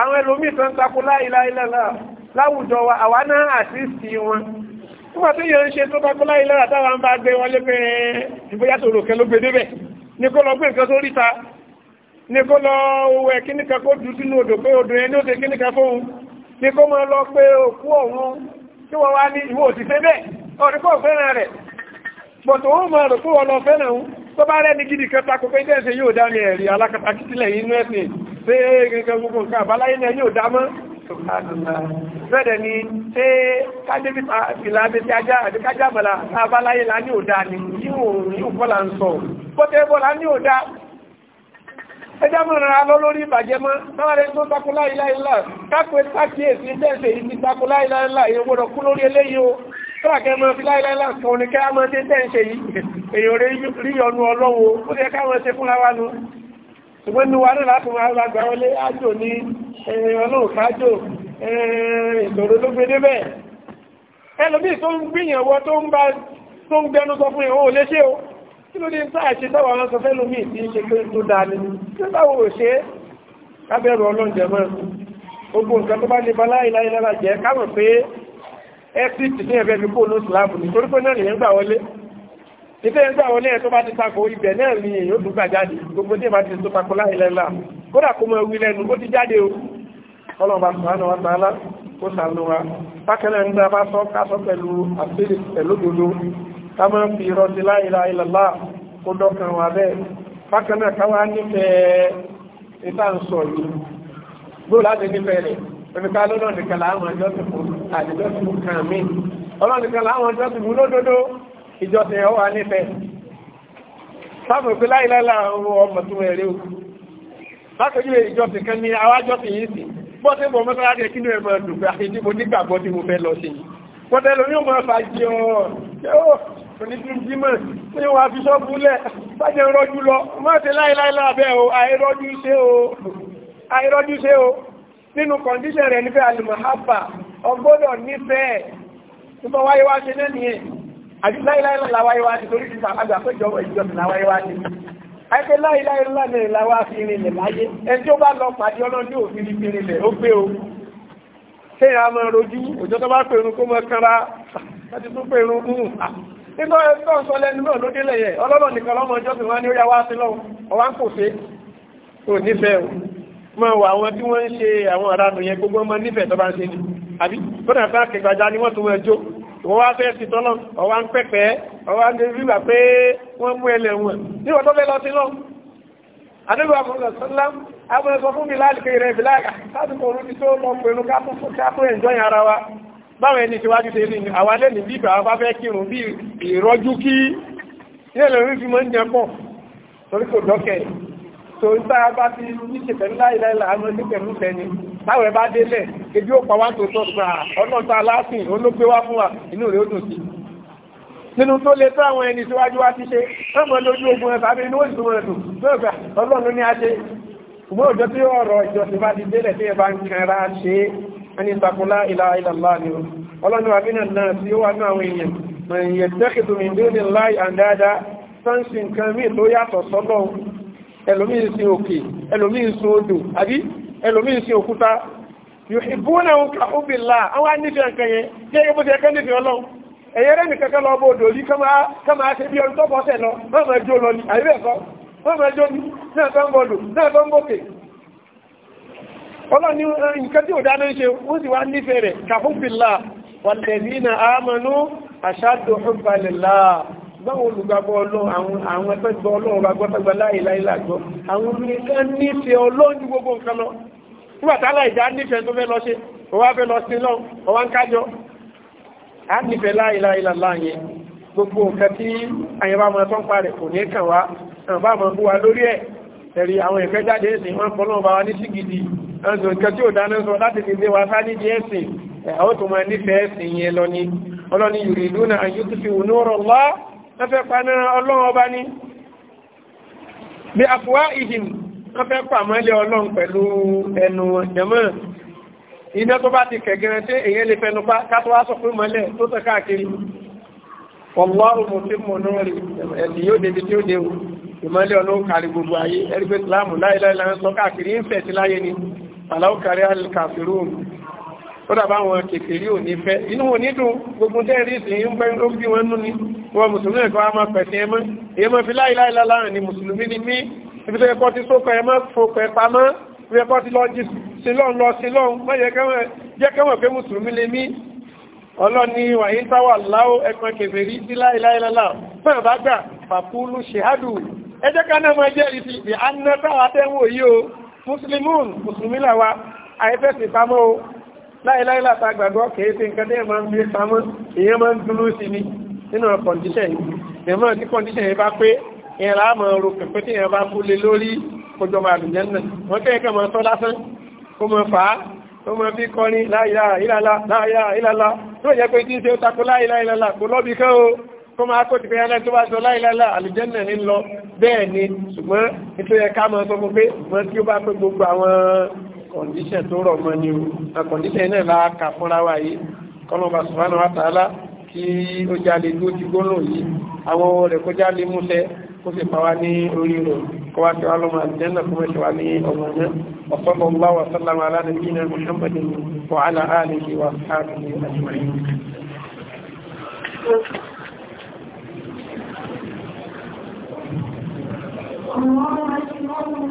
àwọn ẹlòmíì tó ń takò láìláìlẹ́lá láwùjọ wa àwa náà àsìsì wọn nígbà tó yẹ ń ṣe tó takò láìláìlá táwa ń bá gbé wọn lébẹ́ ìgbéyà tó ròkẹ́ ló gbé débẹ̀ ní kó lọ gbé nǹkan tó ríta ní kó lọ wẹ̀ kíní kan kó dùn sínú odò pé odò yẹn ní ó ṣe kíní kan fóun ní kó máa lọ pé òkú ọ̀hún tí wọ́n wá ní ìwọ òṣìṣẹ́ bẹ́ẹ̀ ọ̀rẹ́kọ̀ọ́ fẹ́ràn rẹ̀ bọ̀tò wọ́n lọ tó bá rẹ̀ ní gidi kẹta kò pé tẹ́ẹ̀sẹ̀ yóò dá ní ẹ̀rí alákàtà kìtìlẹ̀ inú ẹ̀sìn pé gẹ́gẹ́ gbogbo nǹkan àbáláyé náà yóò dá mọ́ bẹ́ẹ̀dẹ̀ ni ṣé kájébí ìlà abẹ́sí ajá àti kájábàlá abáláyé la ní òdá ni yóò bọ́lá ń sọ bọ́tẹ́ bọ́lá ní òdá ẹjá mọ̀ rárá lọ lórí ìbàjẹ́ mọ́ láàrin tó takú láìláìlá kápẹ́ sákìyèsí tẹ́ẹ̀sẹ̀ ìbí takú láìláìlá èyí gbọ́dọ̀ kú lórí eléyìí o kíláàkẹ́ mọ́ fi láìláìlá kan ní kẹ́ mọ́ tí tẹ́ ń ṣe yìí èyàn rẹ̀ rí ọnú ọlọ́wọ́ ó yẹ káwọn ṣe fún láwá nu ṣùgbọ́n ní wa náà láti máa gbàgbà wọlé ájò ní ọlọ́ọ̀kájò ìṣòro ló gbé débẹ̀ ẹlòmíì tó ń gbìyànwọ́ tó ń bá tó ń gbẹnu sọ fún ìwọ̀n ò léṣe o kí ló ní ń táà ṣe tọ́wọ́ wọn sọ fẹ́lòmíì tí ń ṣe pé tó dáa ni tí ó táwọn ò ṣe kábẹ́rù ọlọ́njẹ̀mọ́ gbogbo nǹkan tó bá ní balá ìlàìlára jẹ́ káwọn pé exit ní ẹ̀fẹ́ fi kóòlù ìsìláàmù nítorí pé náà nìyẹn gbà wọlé ìfẹ́ ń gbà wọlé ẹ̀ tó bá ti takò ibẹ̀ náà ni èyí ó dùn gbà jáde gbogbo tí ìbá ti tó takò láì lẹ́la kódà kó mọ ewu lẹ́nu ó ti jáde o ọlọ́ọ̀bà sùhánà wa tààlà kó sànù wa bákẹ́lẹ́ ń gbà bá sọ ká sọ pẹ̀lú àṣírí pẹ̀lú dodo ká máa fi rọtí láì láì lọ́la kó dọ́kan wa bẹ́ẹ̀ bákẹ́lẹ́ káwa nífẹ̀ẹ́ ìta ń sọ yìí gbó láti nífẹ̀ẹ́ rẹ̀ ẹ̀mí ká lọ́nà nìkan láàmú ẹjọ́ ti fún àdìjọ́sìn kan mí ọlọ́run kan láwọn jọ́sìn mú lódodo ìjọsìn ẹ̀ wà nífẹ̀ẹ́ sáàmù pé láìláìlá ọmọ tó ẹ̀rẹ́ o látọ̀jú ìjọsìn kan ní awájọ́sìn yìí sí bọ́tẹ́ bọ̀ mọ́sára jẹ́ kí ní ẹ̀mọ̀ ẹ̀dùnkú àti mo nígbàgbọ́ tí mo fẹ́ lọ sí bọ́tẹ́ lórí ọmọ ọ̀fà jẹ́ ọ̀ọ́ onídúndímọ̀ ní wà fi ṣọ́bù lẹ̀ bájẹ́ rọ́jú lọ mọ́tẹ́ láìláìlá bẹ́ o àìrọ́jú ṣe o nínú kọ̀ndíṣẹ̀ rẹ̀ nífẹ́ alìmọ̀hábà ọgbọ́dọ̀ nífẹ̀ẹ́ tó bá wáyé wá ṣe náà nìyẹn àti láìláìlá láwáyé wá ti torí títà àgbà péjọ ìjọsìn láwáyé wá ti àìpé láìláìlá náà láwá fi rinlẹ̀ láyé ẹni tó bá lọ pàdé ọlọ́dún òfin fi o ṣé ìyá máa rojú òjò tó bá pèrún kó mọ kanra láti tún pèrún mú nígbà tó ń sọ lẹ́nu náà ló délẹ̀ yẹ ọlọ́rọ̀ nìkan lọ́mọ ìjọsìn ni ó o mọ̀ wọ àwọn tí wọ́n ń ṣe àwọn àránù yẹn gbogbo àbí kódà bá kẹgbàjá ni wọ́n tó ẹjọ́ wọ́n wá fẹ́ sí tọ́nà ọwá ń pẹ́pẹ́ ọwá ń gbígbà pé wọ́n mú ẹlẹ̀ wọn ní wọ́n tó fẹ́ lọ sí lọ adébíwá mọ̀lá sọ́lá abúlé sọ fún mi láàrín rẹ̀ ìbíláàgà láti kò rúbi tó lọ pẹ̀lú kápú ẹ̀jọ́ yẹn ara wa báwọn ẹni tíwájú ṣe ní àwọn alẹ́ ní bí ìbáwá bá fẹ́ kírun bí ìrọ́jú kí ilé ìlú fi máa ń jẹ pọ̀ torí kò dọ́kẹ̀ tó ń tá a bá ti ní ṣe pẹ̀lú láìláìlà àmọ́ ní pẹ̀lú tẹni báwẹ̀ bá délẹ̀ ebi ó pa wá tó tọ́ gbà ọ̀nà ta lásìn olóògbé wá fún wa inú rẹ̀ ó dùn sí nínú tó lè tó àwọn ẹni síwájú wá ti ṣe ọmọ lójú ogun ẹ̀fà bí inú òṣù rẹ̀ dùn lóò gbà ọlọ́run ní a ṣe ṣùgbọ́n òjò tí ọ̀rọ̀ ìjọsìn bá ti délẹ̀ tí ẹ bá ń kẹra ṣe ẹni takunlá ìlà ìlàlá ni ó ọlọ́run wa nínú náà tí ó wà ní àwọn èèyàn mẹ̀yìn yẹ̀tẹ́kìtù mi dúró láì àndáadá sáǹsì nǹkan míì tó yàtọ̀ sọ́lọ́ ẹlòmíì sin òkè ẹlòmíì sin odò àbí ẹlòmíì sí òkúta ìbúnà òkà òbílà àwọn anífẹ́ nǹkan yẹn jẹ́ ibùdó ẹ̀kọ́ nífẹ́ ọlọ́run ẹ̀yẹ rẹ̀mì kankan lọ bó dòlí kama ṣe bí ọdún tó bọ́ sẹ̀ lọ wọ́n máa jó lọ ní àríwẹ̀kọ́ wọ́n máa jó ní náà tó ń bọ̀lù náà tó ń bòkè ọlọ́ni nǹkan tí ò dáná ṣe wọ́n sì wá nífẹ̀ẹ́ rẹ̀ kàfúnfìlà wàlẹ̀dínà àmànú àṣàdù ọ̀bàlẹ̀lá báwọn olùgbàgbọ́ ọlọ́run àwọn ẹgbẹ́gbọ́ ọlọ́run nígbàtálà ìjà nífẹ̀ẹ́ tó fẹ́ lọ ṣe ọwá fẹ́ lọ sí lọ́n ọwá ń kájọ́ a nífẹ̀ẹ́ láìlà ìlàlá yẹn gbogbo nǹkan tí àyẹ̀bá máa tán parẹ̀ kò ní kàn wá àbá máa bú wa lórí ẹ̀ ẹ̀rí àwọn ìfẹ́ jáde ẹ̀sìn wọn pọ̀ náà bá wa ní sí gidi ẹ̀sùn nǹkan tí ò dáná sọ láti fi lé wa sá nídìí ẹ̀sìn àwọn tó máa nífẹ̀ẹ́ ẹ̀sìn ni ọlọ́ni yuriduna an wọ́n fẹ́ pàmọ́lẹ̀ ọlọ́run pẹ̀lú ẹnu wọn jẹ́mọ́ iná tó bá ti kẹ̀gẹ̀rẹ̀ tí èyàn lè fẹnu bá kátó wá sọ pé mọ́lẹ̀ tó tẹ́ káàkiri ọlọ́run mo ti mọ̀ náà rí ẹ̀dì yóò débi tí ó déwu ìmọ́lẹ̀ ọlọ́run kárí gbogbo ayé ẹ̀rí pé láàmù láìláìláì sọ káàkiri ń fẹ̀ sí láyé ni aláwọ̀ kárí alkafirun ó ni wọn mùsùlùmí ẹ̀kọ́ á máa pẹ̀sìn ẹmọ́ èyí mọ́ fi ni mùsùlùmí ni mí ibi tó yẹ kọ́ ti sókọ ẹ mọ́ fòkọ ẹ pamọ́ ibi ẹkọ́ ti lọ jí sílọ́n lọ sílọ́n mọ́yẹ jẹ́ kẹ́wọ̀n pé mùsùlùmí lè mí ọlọ́ni wàyí táwà láó ẹgbẹ́ kèfèrí sí láìláìlá fẹ́ẹ̀ bá gbà fàkúlù ṣèhádù ẹjẹ́ ká náà máa jẹ́ ìfi ìfì aná táwà tẹ́wọ̀ yìí o mùsùlùmún mùsùlùmí làwà àìfẹ́sì pamọ́ o láìláìlá ta gbàgbọ́ kèé sí nǹkan ìrà àmọ́ ọrọ̀ pẹ̀pẹ́ tí ìyẹn bá kú lé lórí kójọ máa lù jẹ́nà wọ́n kẹ́ ẹ̀kẹ́ máa tọ́ lásán kó máa fà á tó máa fi kọrin láyà ìlàlá tó yẹ pé tí ń ṣe ó takò láyà ìlàlá kò lọ́bi kẹ́ o kó máa kó tìfẹ́ yánlẹ́ tó bá sọ láyà ìlàlá àlùjẹ́nà ń lọ bẹ́ẹ̀ ni ṣùgbọ́n nítorí ẹ̀ká máa sọ fún pé ṣùgbọ́n tí ó bá pé gbogbo àwọn kọ̀ǹdíṣẹ̀ tó rọ̀ mọ́ ni o kọ̀ǹdíṣẹ̀ náà la kà fúnra wa yìí kọ́nọ́ba subhanahu wa ta'ala kí ó jáde gbó ti gbóná yìí àwọn ọ̀rẹ́ kó jáde múṣẹ́ kó sì pa wá ní orí rẹ̀ kó wá sí wá lọ́mọ àjẹ́nà kó mẹ́sẹ̀ wá ní ọmọ náà ọ̀sọ́lọ́ ńlá wa ala alihi wa sahbihi ajma'in Thank you.